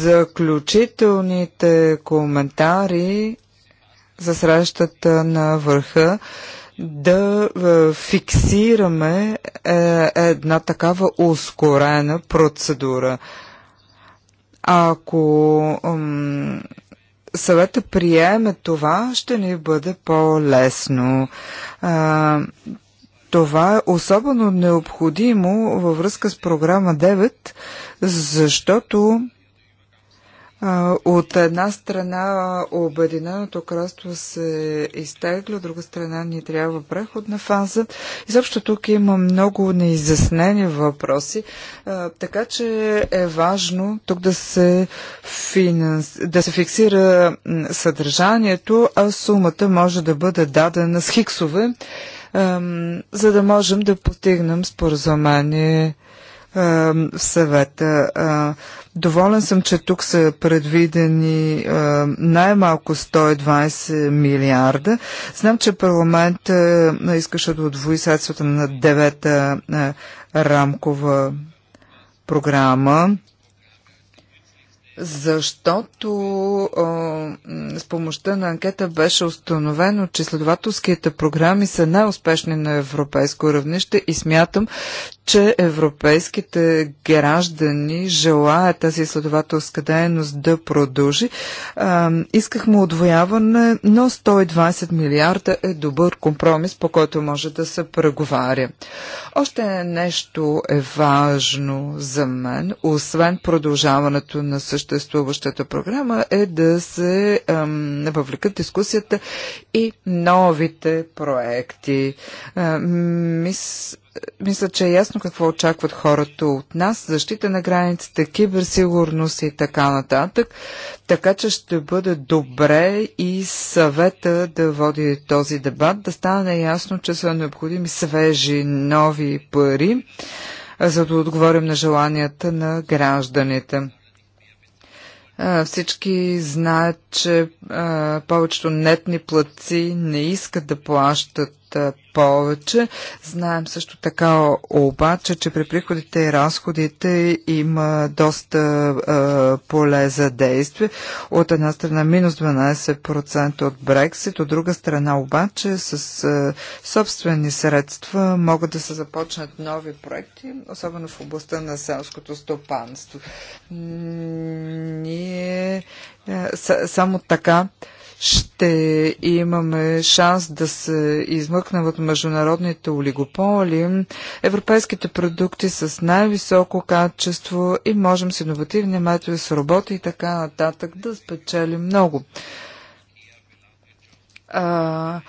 заключителните коментари за срещата на върха да е, фиксираме е, една такава ускорена процедура. Ако съвета приеме това, ще ни бъде по-лесно. Това е особено необходимо във връзка с програма 9, защото от една страна Обединеното кралство се изтегля, от друга страна ни трябва преходна фаза. Изобщо тук има много неизяснени въпроси, така че е важно тук да се, финанс... да се фиксира съдържанието, а сумата може да бъде дадена с хиксове, за да можем да постигнем споразумение е, в съвета. Е, доволен съм, че тук са предвидени е, най-малко 120 милиарда. Знам, че парламент искаше да отвои средствата на девета рамкова програма защото с помощта на анкета беше установено, че следователските програми са най-успешни на европейско равнище и смятам, че европейските граждани желаят тази изследователска дейност да продължи. А, искахме отвояване, но 120 милиарда е добър компромис, по който може да се преговаря. Още нещо е важно за мен, освен продължаването на съществуващата програма, е да се въвлекат дискусията и новите проекти. А, мис, мисля, че е ясно какво очакват хората от нас, защита на границите, киберсигурност и така нататък. Така че ще бъде добре и съвета да води този дебат, да стане ясно, че са необходими свежи, нови пари, за да отговорим на желанията на гражданите. Всички знаят, че повечето нетни платци не искат да плащат повече. Знаем също така обаче, че при приходите и разходите има доста е, поле за действие. От една страна минус 12% от Брексит, от друга страна обаче с е, собствени средства могат да се започнат нови проекти, особено в областта на селското стопанство. Ние само така ще имаме шанс да се измъкнем от международните олигополи, европейските продукти с най-високо качество и можем с иновативни методи, с роботи и така нататък да спечелим много. А,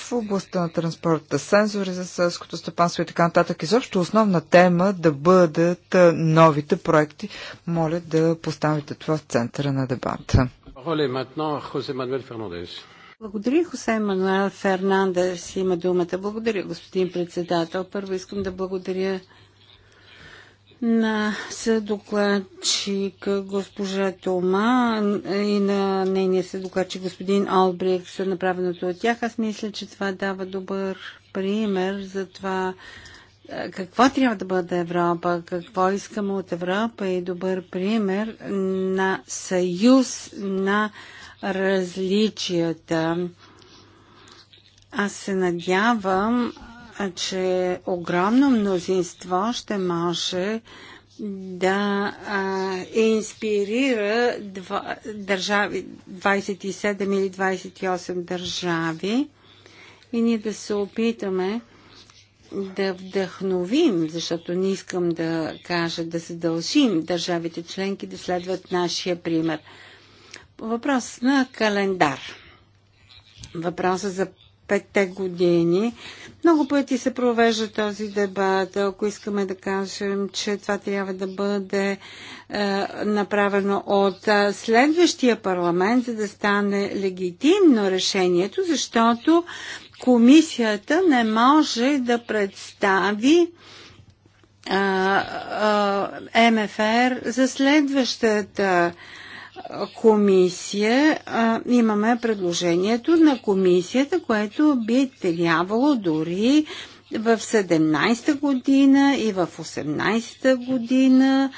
в областта на транспорта, сензори за селското стопанство и така нататък. Изобщо основна тема да бъдат новите проекти. Моля да поставите това в центъра на дебата. Благодаря, Хосе Мануел Фернандес има думата. Благодаря, господин председател. Първо искам да благодаря на съдокладчик госпожа Тома и на нейния съдокладчик господин Олбрик за направеното от тях. Аз мисля, че това дава добър пример за това какво трябва да бъде Европа, какво искаме от Европа и добър пример на съюз на различията. Аз се надявам, че огромно мнозинство ще може да а, инспирира два, държави, 27 или 28 държави и ние да се опитаме да вдъхновим, защото не искам да кажа да се дължим държавите членки да следват нашия пример. Въпрос на календар. Въпроса за петте години. Много пъти се провежда този дебат. Ако искаме да кажем, че това трябва да бъде е, направено от е, следващия парламент, за да стане легитимно решението, защото комисията не може да представи а, а, МФР за следващата комисия. А, имаме предложението на комисията, което би трябвало дори в 17-та година и в 18-та година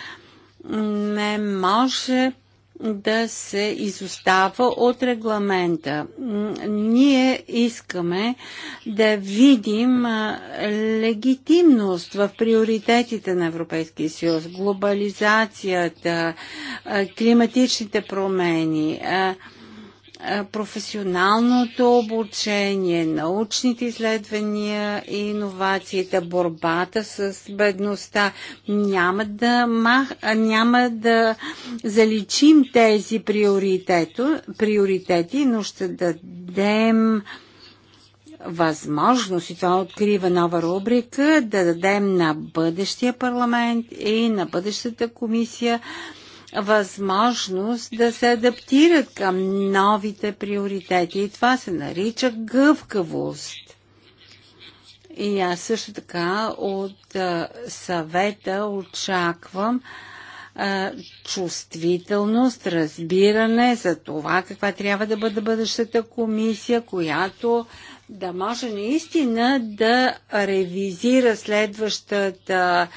не може да се изостава от регламента. Ние искаме да видим легитимност в приоритетите на Европейския съюз, глобализацията, климатичните промени, професионалното обучение, научните изследвания и иновациите, борбата с бедността. Няма да, мах, няма да заличим тези приоритети, но ще дадем възможност, и това открива нова рубрика, да дадем на бъдещия парламент и на бъдещата комисия възможност да се адаптират към новите приоритети. И това се нарича гъвкавост. И аз също така от съвета очаквам чувствителност, разбиране за това каква трябва да бъде бъдещата комисия, която да може наистина да ревизира следващата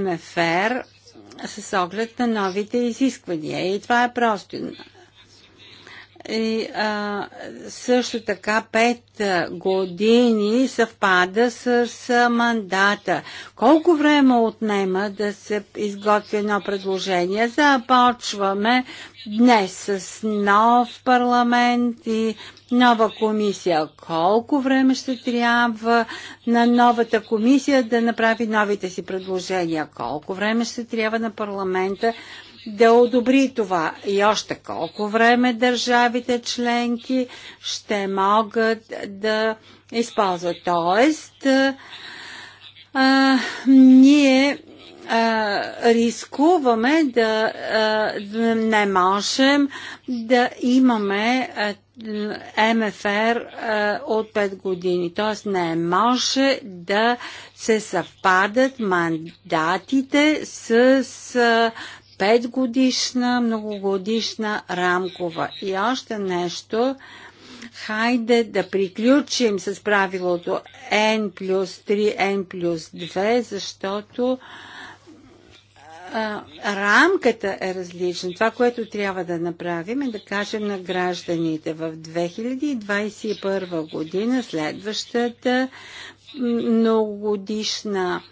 МФР с оглед на новите изисквания. И това е просто. И а, също така пет години съвпада с, с мандата. Колко време отнема да се изготви едно предложение? Започваме днес с нов парламент и нова комисия. Колко време ще трябва на новата комисия да направи новите си предложения? Колко време ще трябва на парламента да одобри това. И още колко време държавите членки ще могат да използват. Тоест, а, ние а, рискуваме да а, не можем да имаме а, МФР а, от 5 години. Т.е. не може да се съвпадат мандатите с а, петгодишна, многогодишна рамкова. И още нещо, хайде да приключим с правилото N плюс 3, N плюс 2, защото рамката е различна. Това, което трябва да направим е да кажем на гражданите в 2021 година, следващата многогодишна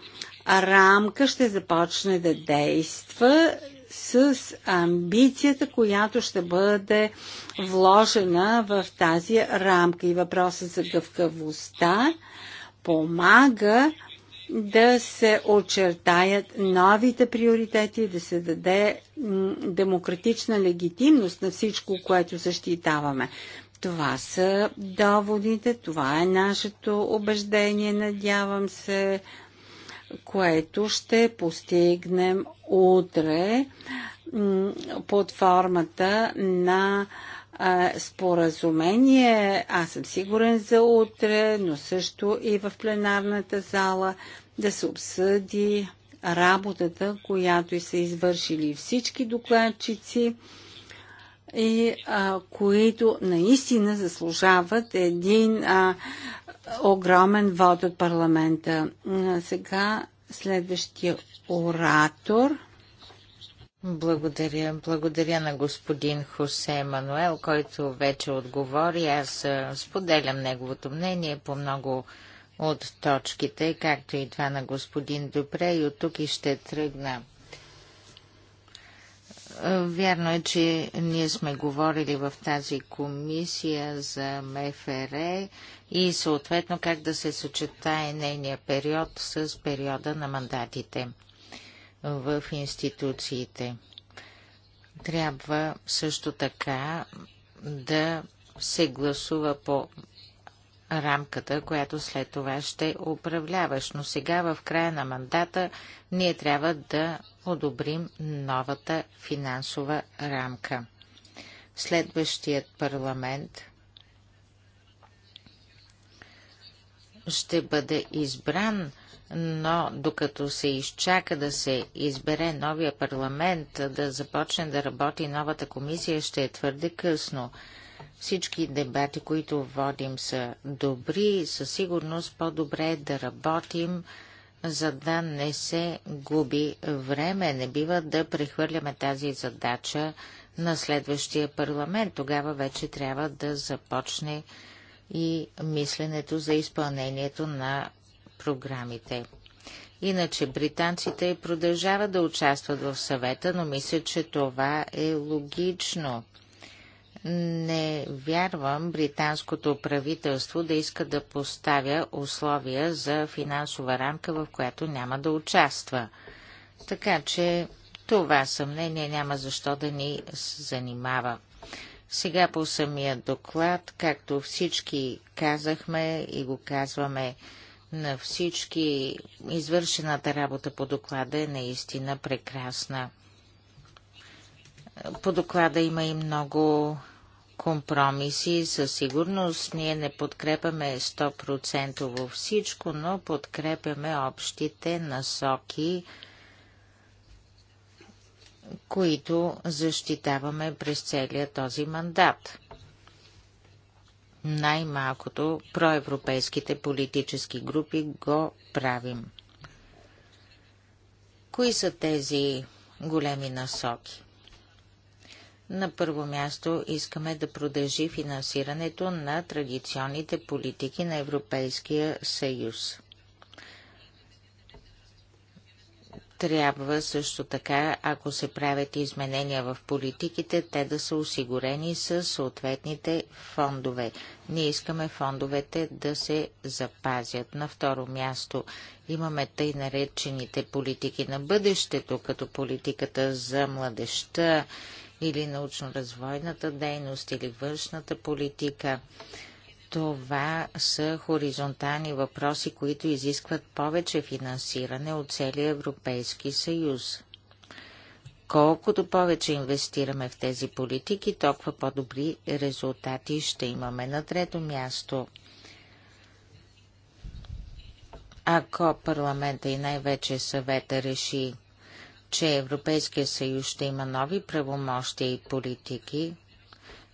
рамка ще започне да действа с амбицията, която ще бъде вложена в тази рамка. И въпросът за гъвкавостта помага да се очертаят новите приоритети, да се даде демократична легитимност на всичко, което защитаваме. Това са доводите, това е нашето убеждение. Надявам се което ще постигнем утре под формата на споразумение. Аз съм сигурен за утре, но също и в пленарната зала да се обсъди работата, която и са извършили всички докладчици и а, които наистина заслужават един а, огромен вод от парламента. А, сега следващия оратор. Благодаря. Благодаря на господин Хосе Мануел, който вече отговори. Аз споделям неговото мнение по много от точките, както и това на господин Добре и от тук и ще тръгна. Е, вярно е, че ние сме говорили в тази комисия за МФР и съответно как да се съчетае нейния период с периода на мандатите в институциите. Трябва също така да се гласува по рамката, която след това ще управляваш. Но сега в края на мандата ние трябва да одобрим новата финансова рамка. Следващият парламент ще бъде избран, но докато се изчака да се избере новия парламент, да започне да работи новата комисия, ще е твърде късно. Всички дебати, които водим, са добри. Със сигурност по-добре е да работим, за да не се губи време. Не бива да прехвърляме тази задача на следващия парламент. Тогава вече трябва да започне и мисленето за изпълнението на програмите. Иначе британците продължават да участват в съвета, но мисля, че това е логично. Не вярвам британското правителство да иска да поставя условия за финансова рамка, в която няма да участва. Така че това съмнение няма защо да ни занимава. Сега по самия доклад, както всички казахме и го казваме на всички, извършената работа по доклада е наистина прекрасна. По доклада има и много компромиси. Със сигурност ние не подкрепяме 100% във всичко, но подкрепяме общите насоки, които защитаваме през целия този мандат. Най-малкото проевропейските политически групи го правим. Кои са тези големи насоки? На първо място искаме да продължи финансирането на традиционните политики на Европейския съюз. Трябва също така, ако се правят изменения в политиките, те да са осигурени с съответните фондове. Ние искаме фондовете да се запазят. На второ място имаме тъй наречените политики на бъдещето, като политиката за младеща или научно-развойната дейност, или външната политика. Това са хоризонтални въпроси, които изискват повече финансиране от целия Европейски съюз. Колкото повече инвестираме в тези политики, толкова по-добри резултати ще имаме. На трето място ако парламента и най-вече съвета реши че Европейския съюз ще има нови правомощия и политики,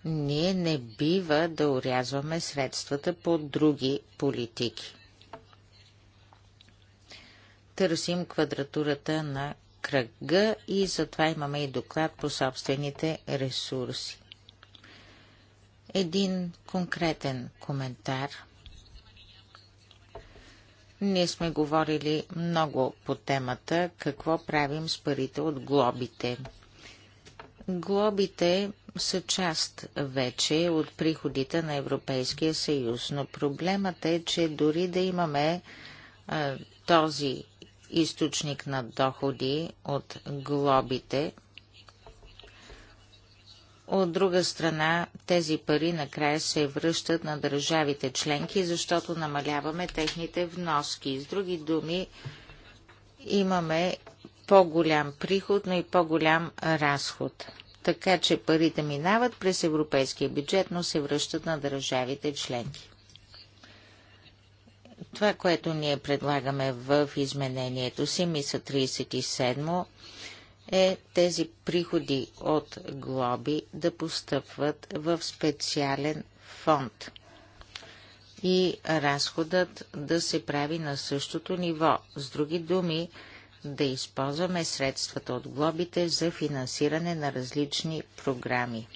ние не бива да урязваме средствата по други политики. Търсим квадратурата на кръга и затова имаме и доклад по собствените ресурси. Един конкретен коментар – ние сме говорили много по темата какво правим с парите от глобите. Глобите са част вече от приходите на Европейския съюз, но проблемът е, че дори да имаме а, този източник на доходи от глобите, от друга страна, тези пари накрая се връщат на държавите членки, защото намаляваме техните вноски. С други думи, имаме по-голям приход, но и по-голям разход. Така че парите минават през европейския бюджет, но се връщат на държавите членки. Това, което ние предлагаме в изменението си, мисля 37 е тези приходи от глоби да постъпват в специален фонд и разходът да се прави на същото ниво. С други думи, да използваме средствата от глобите за финансиране на различни програми.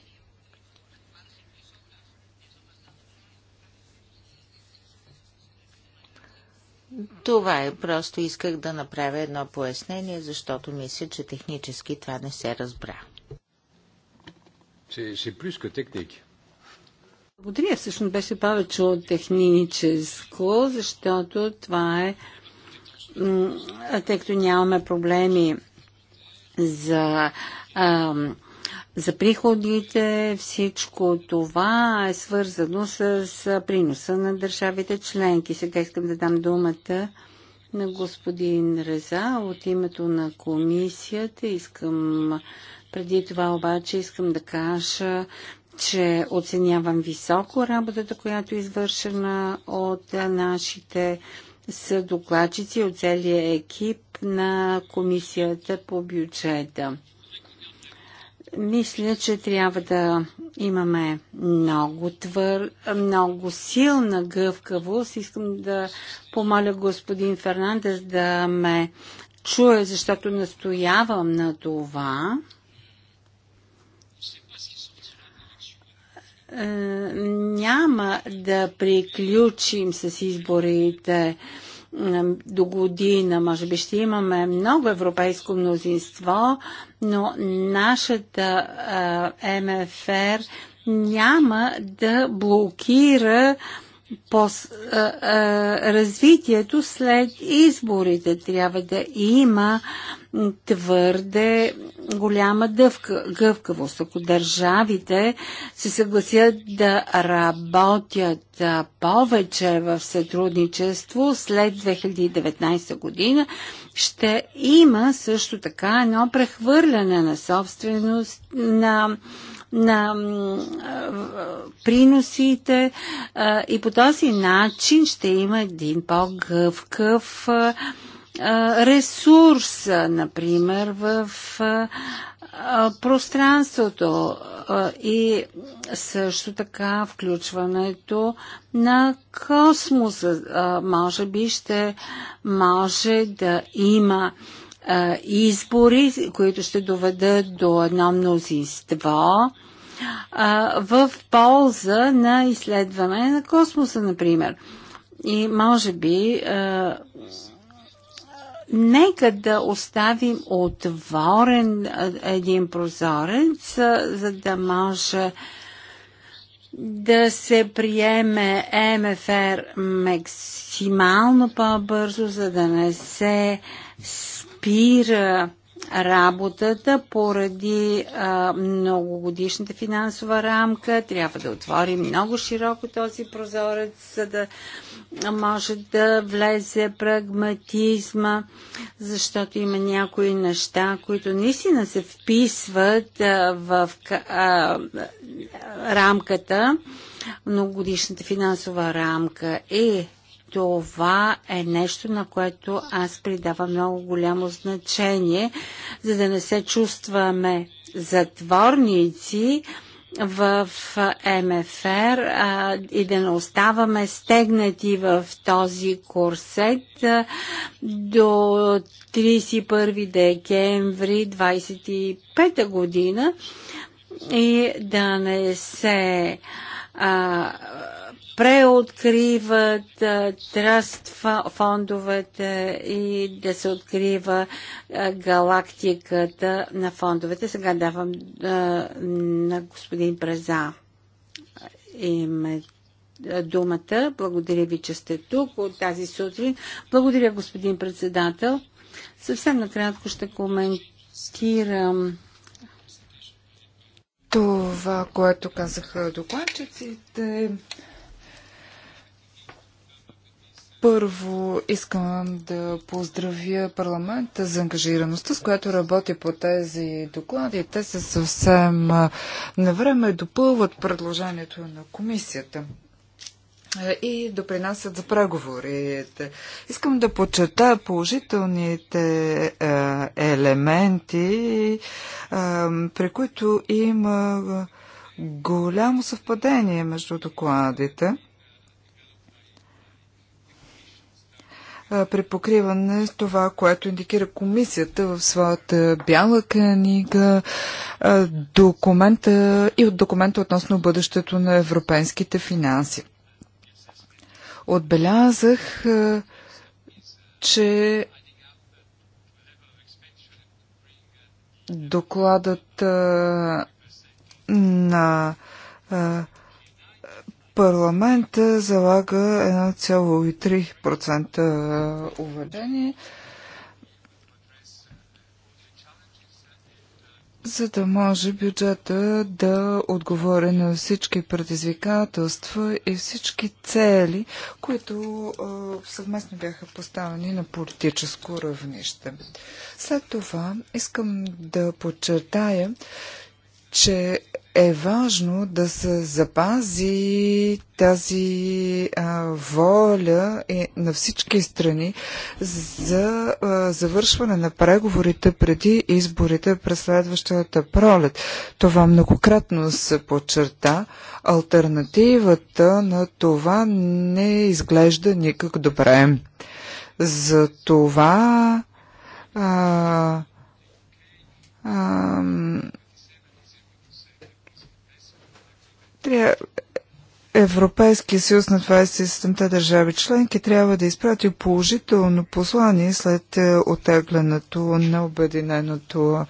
Това е, просто исках да направя едно пояснение, защото мисля, че технически това не се разбра. Се plus плюска техники. Благодаря, всъщност беше повече от техническо, защото това е, тъй като нямаме проблеми за ам, за приходите. Всичко това е свързано с приноса на държавите членки. Сега искам да дам думата на господин Реза от името на комисията. Искам преди това обаче искам да кажа, че оценявам високо работата, която е извършена от нашите съдокладчици, от целия екип на комисията по бюджета. Мисля, че трябва да имаме много твър, много силна гъвкавост. Искам да помоля господин Фернандес да ме чуе, защото настоявам на това. Е, няма да приключим с изборите до година, може би, ще имаме много европейско мнозинство, но нашата МФР няма да блокира по развитието след изборите. Трябва да има твърде голяма дъвка, гъвкавост. Ако държавите се съгласят да работят повече в сътрудничество след 2019 година, ще има също така едно прехвърляне на собственост на на приносите и по този начин ще има един по-гъвкъв ресурс, например, в пространството и също така включването на космоса. Може би ще може да има избори, които ще доведат до едно мнозинство в полза на изследване на космоса, например. И може би нека да оставим отворен един прозорец, за да може да се приеме МФР максимално по-бързо, за да не се спира работата поради а, многогодишната финансова рамка. Трябва да отворим много широко този прозорец, за да може да влезе прагматизма, защото има някои неща, които наистина се вписват а, в а, рамката. Многогодишната финансова рамка е това е нещо, на което аз придавам много голямо значение, за да не се чувстваме затворници в МФР а, и да не оставаме стегнати в този курсет а, до 31 декември 25 година и да не се а, преоткриват траст фондовете и да се открива галактиката на фондовете. Сега давам на господин Преза име думата. Благодаря ви, че сте тук от тази сутрин. Благодаря, господин председател. Съвсем накратко ще коментирам това, което казаха докладчиците. Първо искам да поздравя парламента за ангажираността, с която работи по тези доклади. Те са съвсем на време допълват предложението на комисията и допринасят за преговорите. Искам да почета положителните елементи, при които има голямо съвпадение между докладите. При покриване с това, което индикира комисията в своята бяла книга, документа и от документа относно бъдещето на европейските финанси. Отбелязах, че докладът на Парламента залага 1,3% е, уважение, за да може бюджета да отговори на всички предизвикателства и всички цели, които е, съвместно бяха поставени на политическо равнище. След това искам да подчертая, че е важно да се запази тази а, воля е, на всички страни за а, завършване на преговорите преди изборите през следващата пролет. Това многократно се подчерта. Альтернативата на това не изглежда никак добре. За това а, а, Европейския съюз на 27-те държави членки трябва да изпрати положително послание след е, отеглянето на Обединеното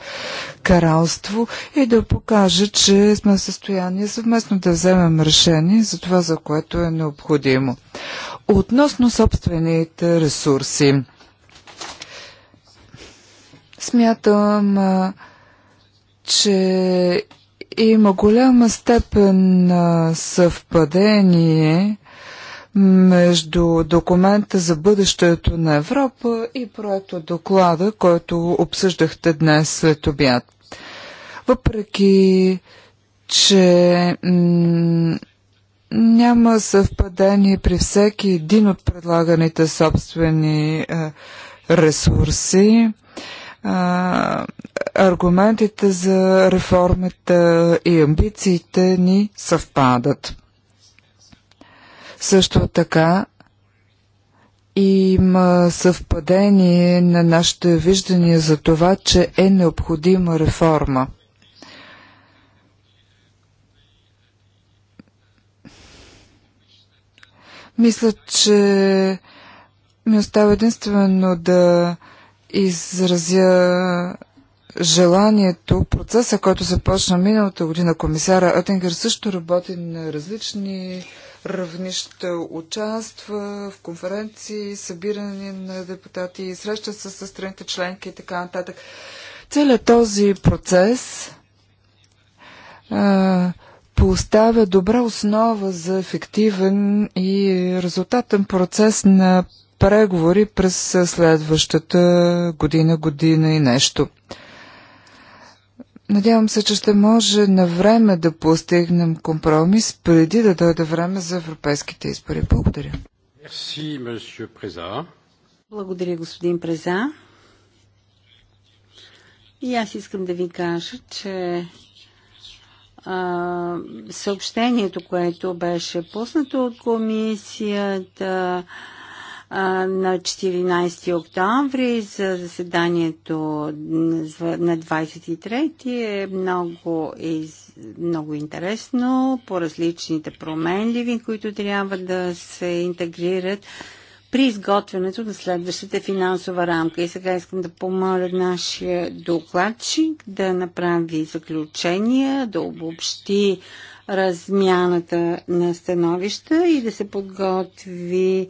каралство и да покаже, че сме в състояние съвместно да вземем решение за това, за което е необходимо. Относно собствените ресурси. Смятам, че има голяма степен на съвпадение между документа за бъдещето на Европа и проекто доклада, който обсъждахте днес след обяд. Въпреки, че няма съвпадение при всеки един от предлаганите собствени е, ресурси, а, аргументите за реформата и амбициите ни съвпадат. Също така има съвпадение на нашите виждания за това, че е необходима реформа. Мисля, че ми остава единствено да изразя желанието, процеса, който започна миналата година, комисара Атенгер също работи на различни равнища, участва в конференции, събиране на депутати, среща се с страните членки и така нататък. Целият този процес поставя добра основа за ефективен и резултатен процес на преговори през следващата година, година и нещо. Надявам се, че ще може на време да постигнем компромис, преди да дойде време за европейските избори. Благодаря. Благодаря, господин Преза. И аз искам да ви кажа, че а, съобщението, което беше пуснато от комисията, на 14 октомври за заседанието на 23 е много, из, много интересно по различните променливи, които трябва да се интегрират при изготвянето на следващата финансова рамка. И сега искам да помоля нашия докладчик да направи заключения, да обобщи размяната на становища и да се подготви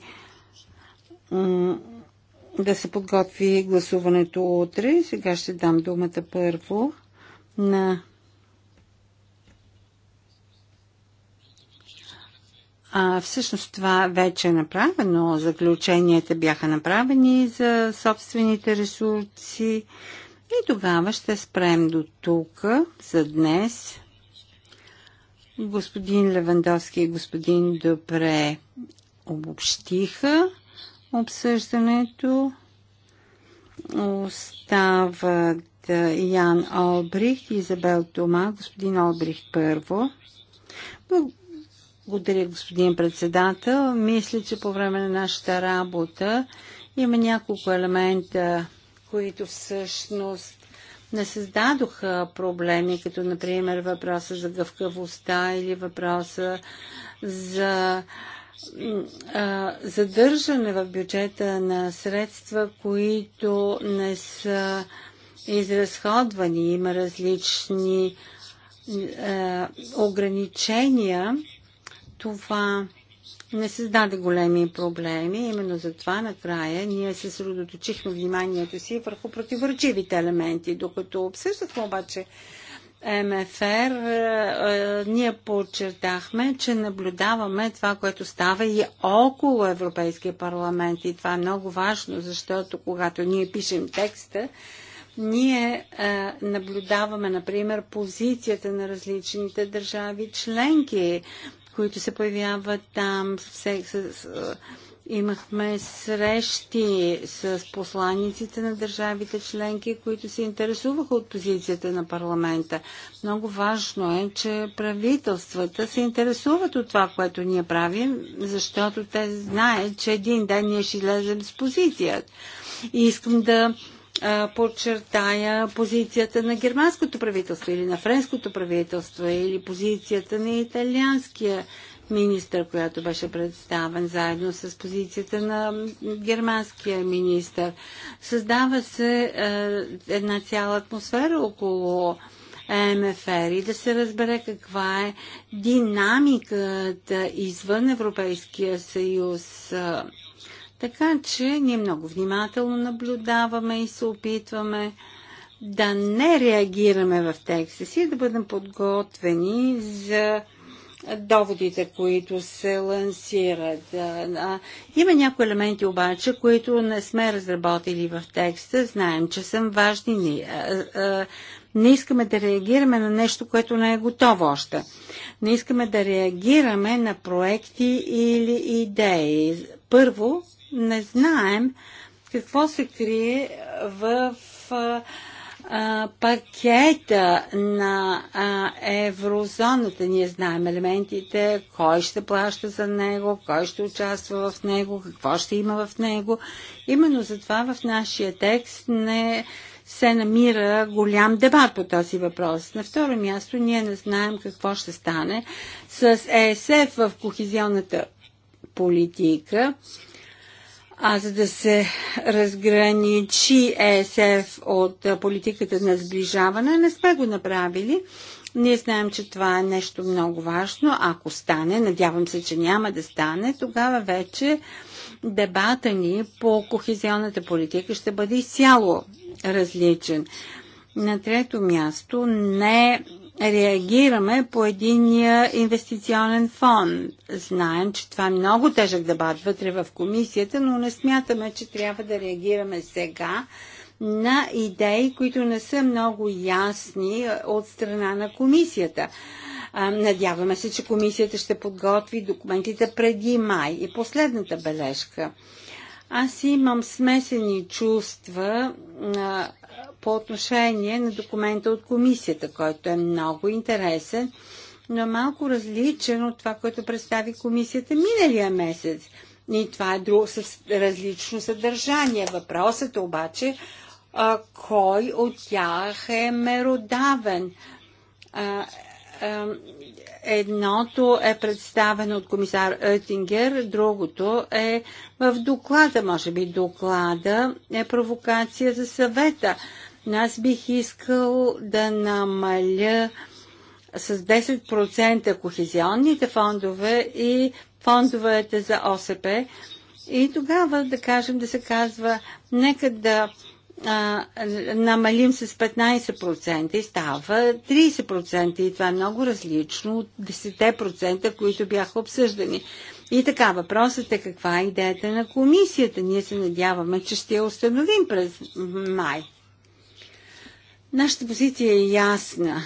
да се подготви гласуването утре. Сега ще дам думата първо на А, всъщност това вече е направено. Заключенията бяха направени за собствените ресурси. И тогава ще спрем до тук за днес. Господин Левандовски и господин Добре обобщиха обсъждането. Остават Ян Олбрихт, Изабел Тома, господин Олбрихт първо. Благодаря, господин председател. Мисля, че по време на нашата работа има няколко елемента, които всъщност не създадоха проблеми, като например въпроса за гъвкавостта или въпроса за задържане в бюджета на средства, които не са изразходвани. Има различни ограничения. Това не създаде големи проблеми. Именно за това накрая ние се средоточихме вниманието си върху противоречивите елементи. Докато обсъждахме обаче МФР е, е, ние подчертахме, че наблюдаваме това, което става и около Европейския парламент. И това е много важно, защото когато ние пишем текста, ние е, наблюдаваме, например, позицията на различните държави членки, които се появяват там. с, с, Имахме срещи с посланиците на държавите членки, които се интересуваха от позицията на парламента. Много важно е, че правителствата се интересуват от това, което ние правим, защото те знаят, че един ден ние ще излезем с позицията. И искам да подчертая позицията на германското правителство или на френското правителство или позицията на италианския министър, която беше представен заедно с позицията на германския министър. Създава се е, една цяла атмосфера около МФР и да се разбере каква е динамиката извън Европейския съюз. Така че ние много внимателно наблюдаваме и се опитваме да не реагираме в текста си, да бъдем подготвени за доводите, които се лансират. Има някои елементи обаче, които не сме разработили в текста. Знаем, че са важни. Не искаме да реагираме на нещо, което не е готово още. Не искаме да реагираме на проекти или идеи. Първо, не знаем какво се крие в пакета на а, еврозоната. Ние знаем елементите, кой ще плаща за него, кой ще участва в него, какво ще има в него. Именно затова в нашия текст не се намира голям дебат по този въпрос. На второ място ние не знаем какво ще стане с ЕСФ в кохезионната политика а за да се разграничи ЕСФ от политиката на сближаване, не сме го направили. Ние знаем, че това е нещо много важно. Ако стане, надявам се, че няма да стане, тогава вече дебата ни по кохезионната политика ще бъде изцяло различен. На трето място, не реагираме по единия инвестиционен фонд. Знаем, че това е много тежък дебат вътре в комисията, но не смятаме, че трябва да реагираме сега на идеи, които не са много ясни от страна на комисията. Надяваме се, че комисията ще подготви документите преди май. И последната бележка. Аз имам смесени чувства по отношение на документа от комисията, който е много интересен, но малко различен от това, което представи комисията миналия месец. И това е друго, с различно съдържание. Въпросът е обаче а, кой от тях е меродавен. А, а, едното е представено от комисар Оттингер, другото е в доклада. Може би доклада е провокация за съвета но аз бих искал да намаля с 10% кохезионните фондове и фондовете за ОСП. И тогава да кажем да се казва, нека да а, намалим с 15% и става 30%. И това е много различно от 10%, които бяха обсъждани. И така, въпросът е каква е идеята на комисията. Ние се надяваме, че ще я установим през май. Нашата позиция е ясна.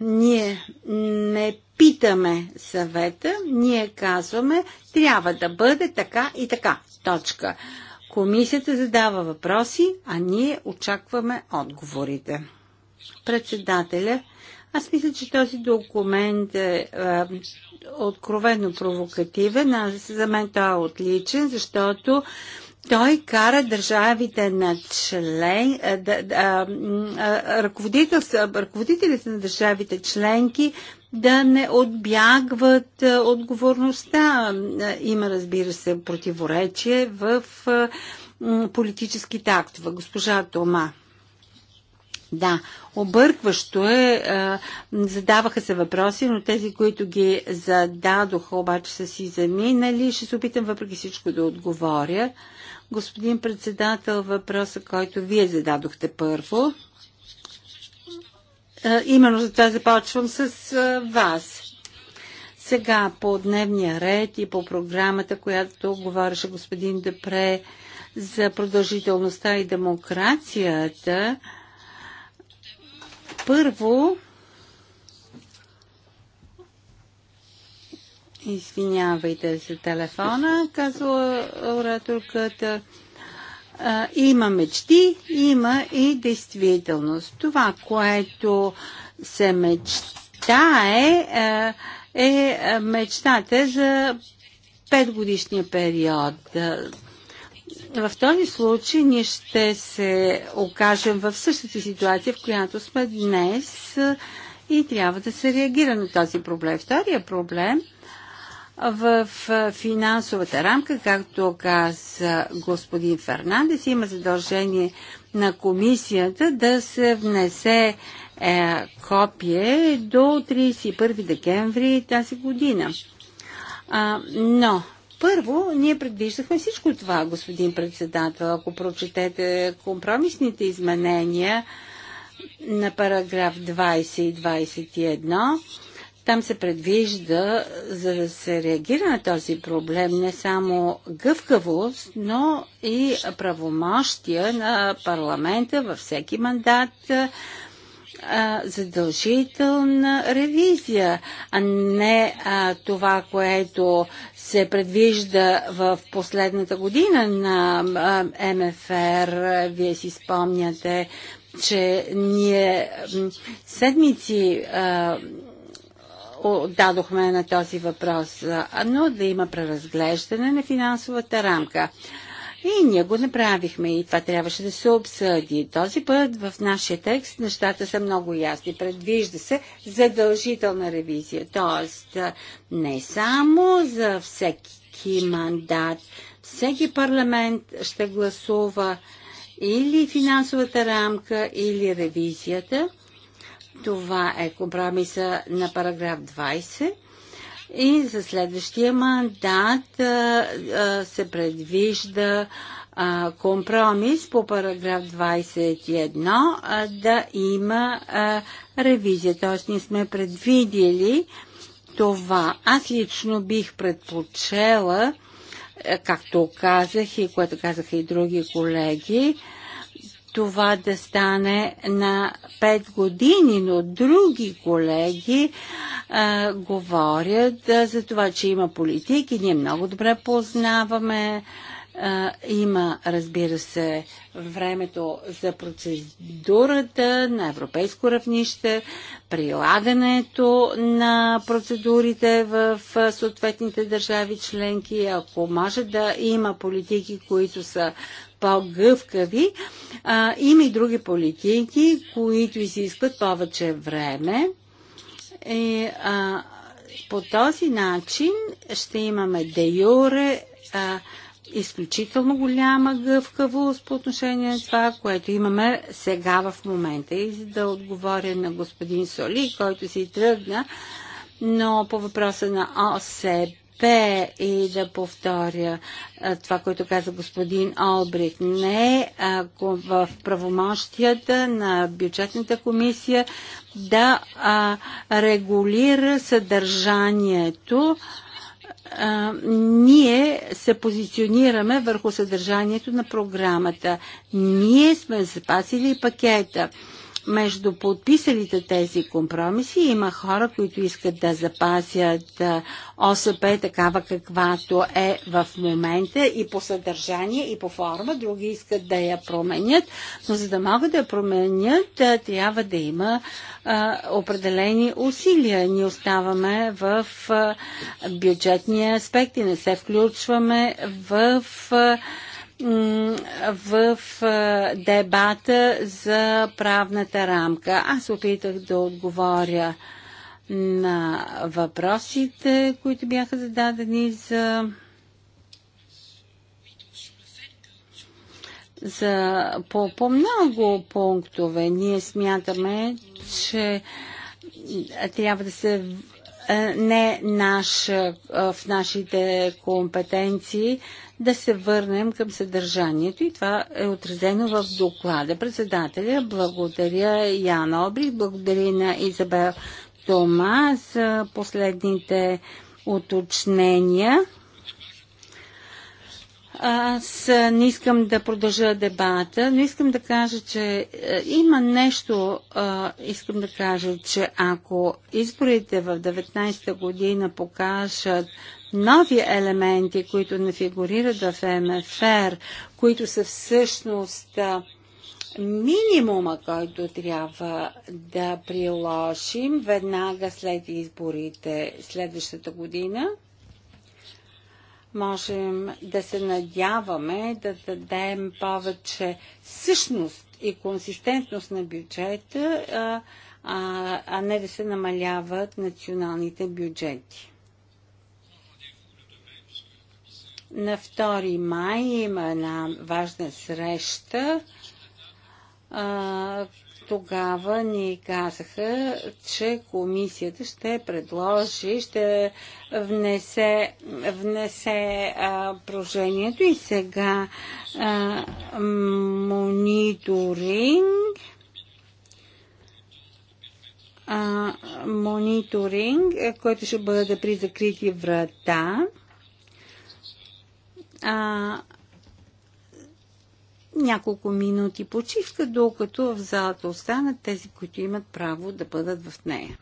Ние не питаме съвета, ние казваме, трябва да бъде така и така. Точка. Комисията задава въпроси, а ние очакваме отговорите. Председателя, аз мисля, че този документ е, е откровенно провокативен. а за мен той е отличен, защото той кара държавите на член, да, да, ръководителите на държавите членки да не отбягват отговорността. Има, разбира се, противоречие в политическите актове. Госпожа Тома. Да, объркващо е. Задаваха се въпроси, но тези, които ги зададоха, обаче са си заминали. Ще се опитам въпреки всичко да отговоря. Господин председател, въпроса, който вие зададохте първо. Е, именно за това започвам с е, вас. Сега по дневния ред и по програмата, която говореше господин Депре за продължителността и демокрацията, първо Извинявайте за телефона, казва ораторката. А, има мечти, има и действителност. Това, което се мечтае, е мечтата за петгодишния период. В този случай ние ще се окажем в същата ситуация, в която сме днес и трябва да се реагира на този проблем. Втория проблем – в финансовата рамка, както каза господин Фернандес, има задължение на комисията да се внесе е, копие до 31 декември тази година. А, но първо, ние предвиждахме всичко това, господин председател. Ако прочетете компромисните изменения на параграф 20 и 21, там се предвижда, за да се реагира на този проблем, не само гъвкавост, но и правомощия на парламента във всеки мандат задължителна ревизия, а не а, това, което се предвижда в последната година на а, МФР. Вие си спомняте, че ние седмици а, дадохме на този въпрос, но да има преразглеждане на финансовата рамка. И ние го направихме и това трябваше да се обсъди. Този път в нашия текст нещата са много ясни. Предвижда се задължителна ревизия. Тоест не само за всеки мандат, всеки парламент ще гласува или финансовата рамка, или ревизията – това е компромиса на параграф 20. И за следващия мандат а, а, се предвижда а, компромис по параграф 21 а, да има а, ревизия. Тоест ние сме предвидели това. Аз лично бих предпочела, е, както казах и което казаха и други колеги, това да стане на 5 години, но други колеги а, говорят а, за това, че има политики, ние много добре познаваме. А, има, разбира се, времето за процедурата на европейско равнище, прилагането на процедурите в съответните държави членки. Ако може да има политики, които са по-гъвкави. Има и други политики, които изискват повече време. И, а, по този начин ще имаме де юре а, изключително голяма гъвкавост по отношение на това, което имаме сега в момента. И за да отговоря на господин Соли, който си тръгна, но по въпроса на ОСП пее и да повторя това, което каза господин Олбрик. Не ако в правомощията на бюджетната комисия да регулира съдържанието ние се позиционираме върху съдържанието на програмата. Ние сме запасили пакета. Между подписалите тези компромиси има хора, които искат да запазят ОСП такава каквато е в момента и по съдържание, и по форма. Други искат да я променят, но за да могат да я променят, трябва да има определени усилия. Ни оставаме в бюджетния аспект и не се включваме в в дебата за правната рамка. Аз опитах да отговоря на въпросите, които бяха зададени за за, по, по много пунктове ние смятаме, че трябва да се е, не наш, е, в нашите компетенции, да се върнем към съдържанието и това е отразено в доклада. Председателя, благодаря Ян Обрих, благодаря на Изабел Тома за последните уточнения. Аз не искам да продължа дебата, но искам да кажа, че е, има нещо, искам да кажа, че ако изборите в 19-та година покажат нови елементи, които не фигурират в МФР, които са всъщност минимума, който трябва да приложим веднага след изборите следващата година – можем да се надяваме да дадем повече същност и консистентност на бюджета, а, а, а не да се намаляват националните бюджети. На 2 май има една важна среща, а, тогава ни казаха, че комисията ще предложи, ще внесе, внесе а, прожението и сега а, мониторинг а, мониторинг, който ще бъде при закрити врата. А, няколко минути почивка, докато в залата останат тези, които имат право да бъдат в нея.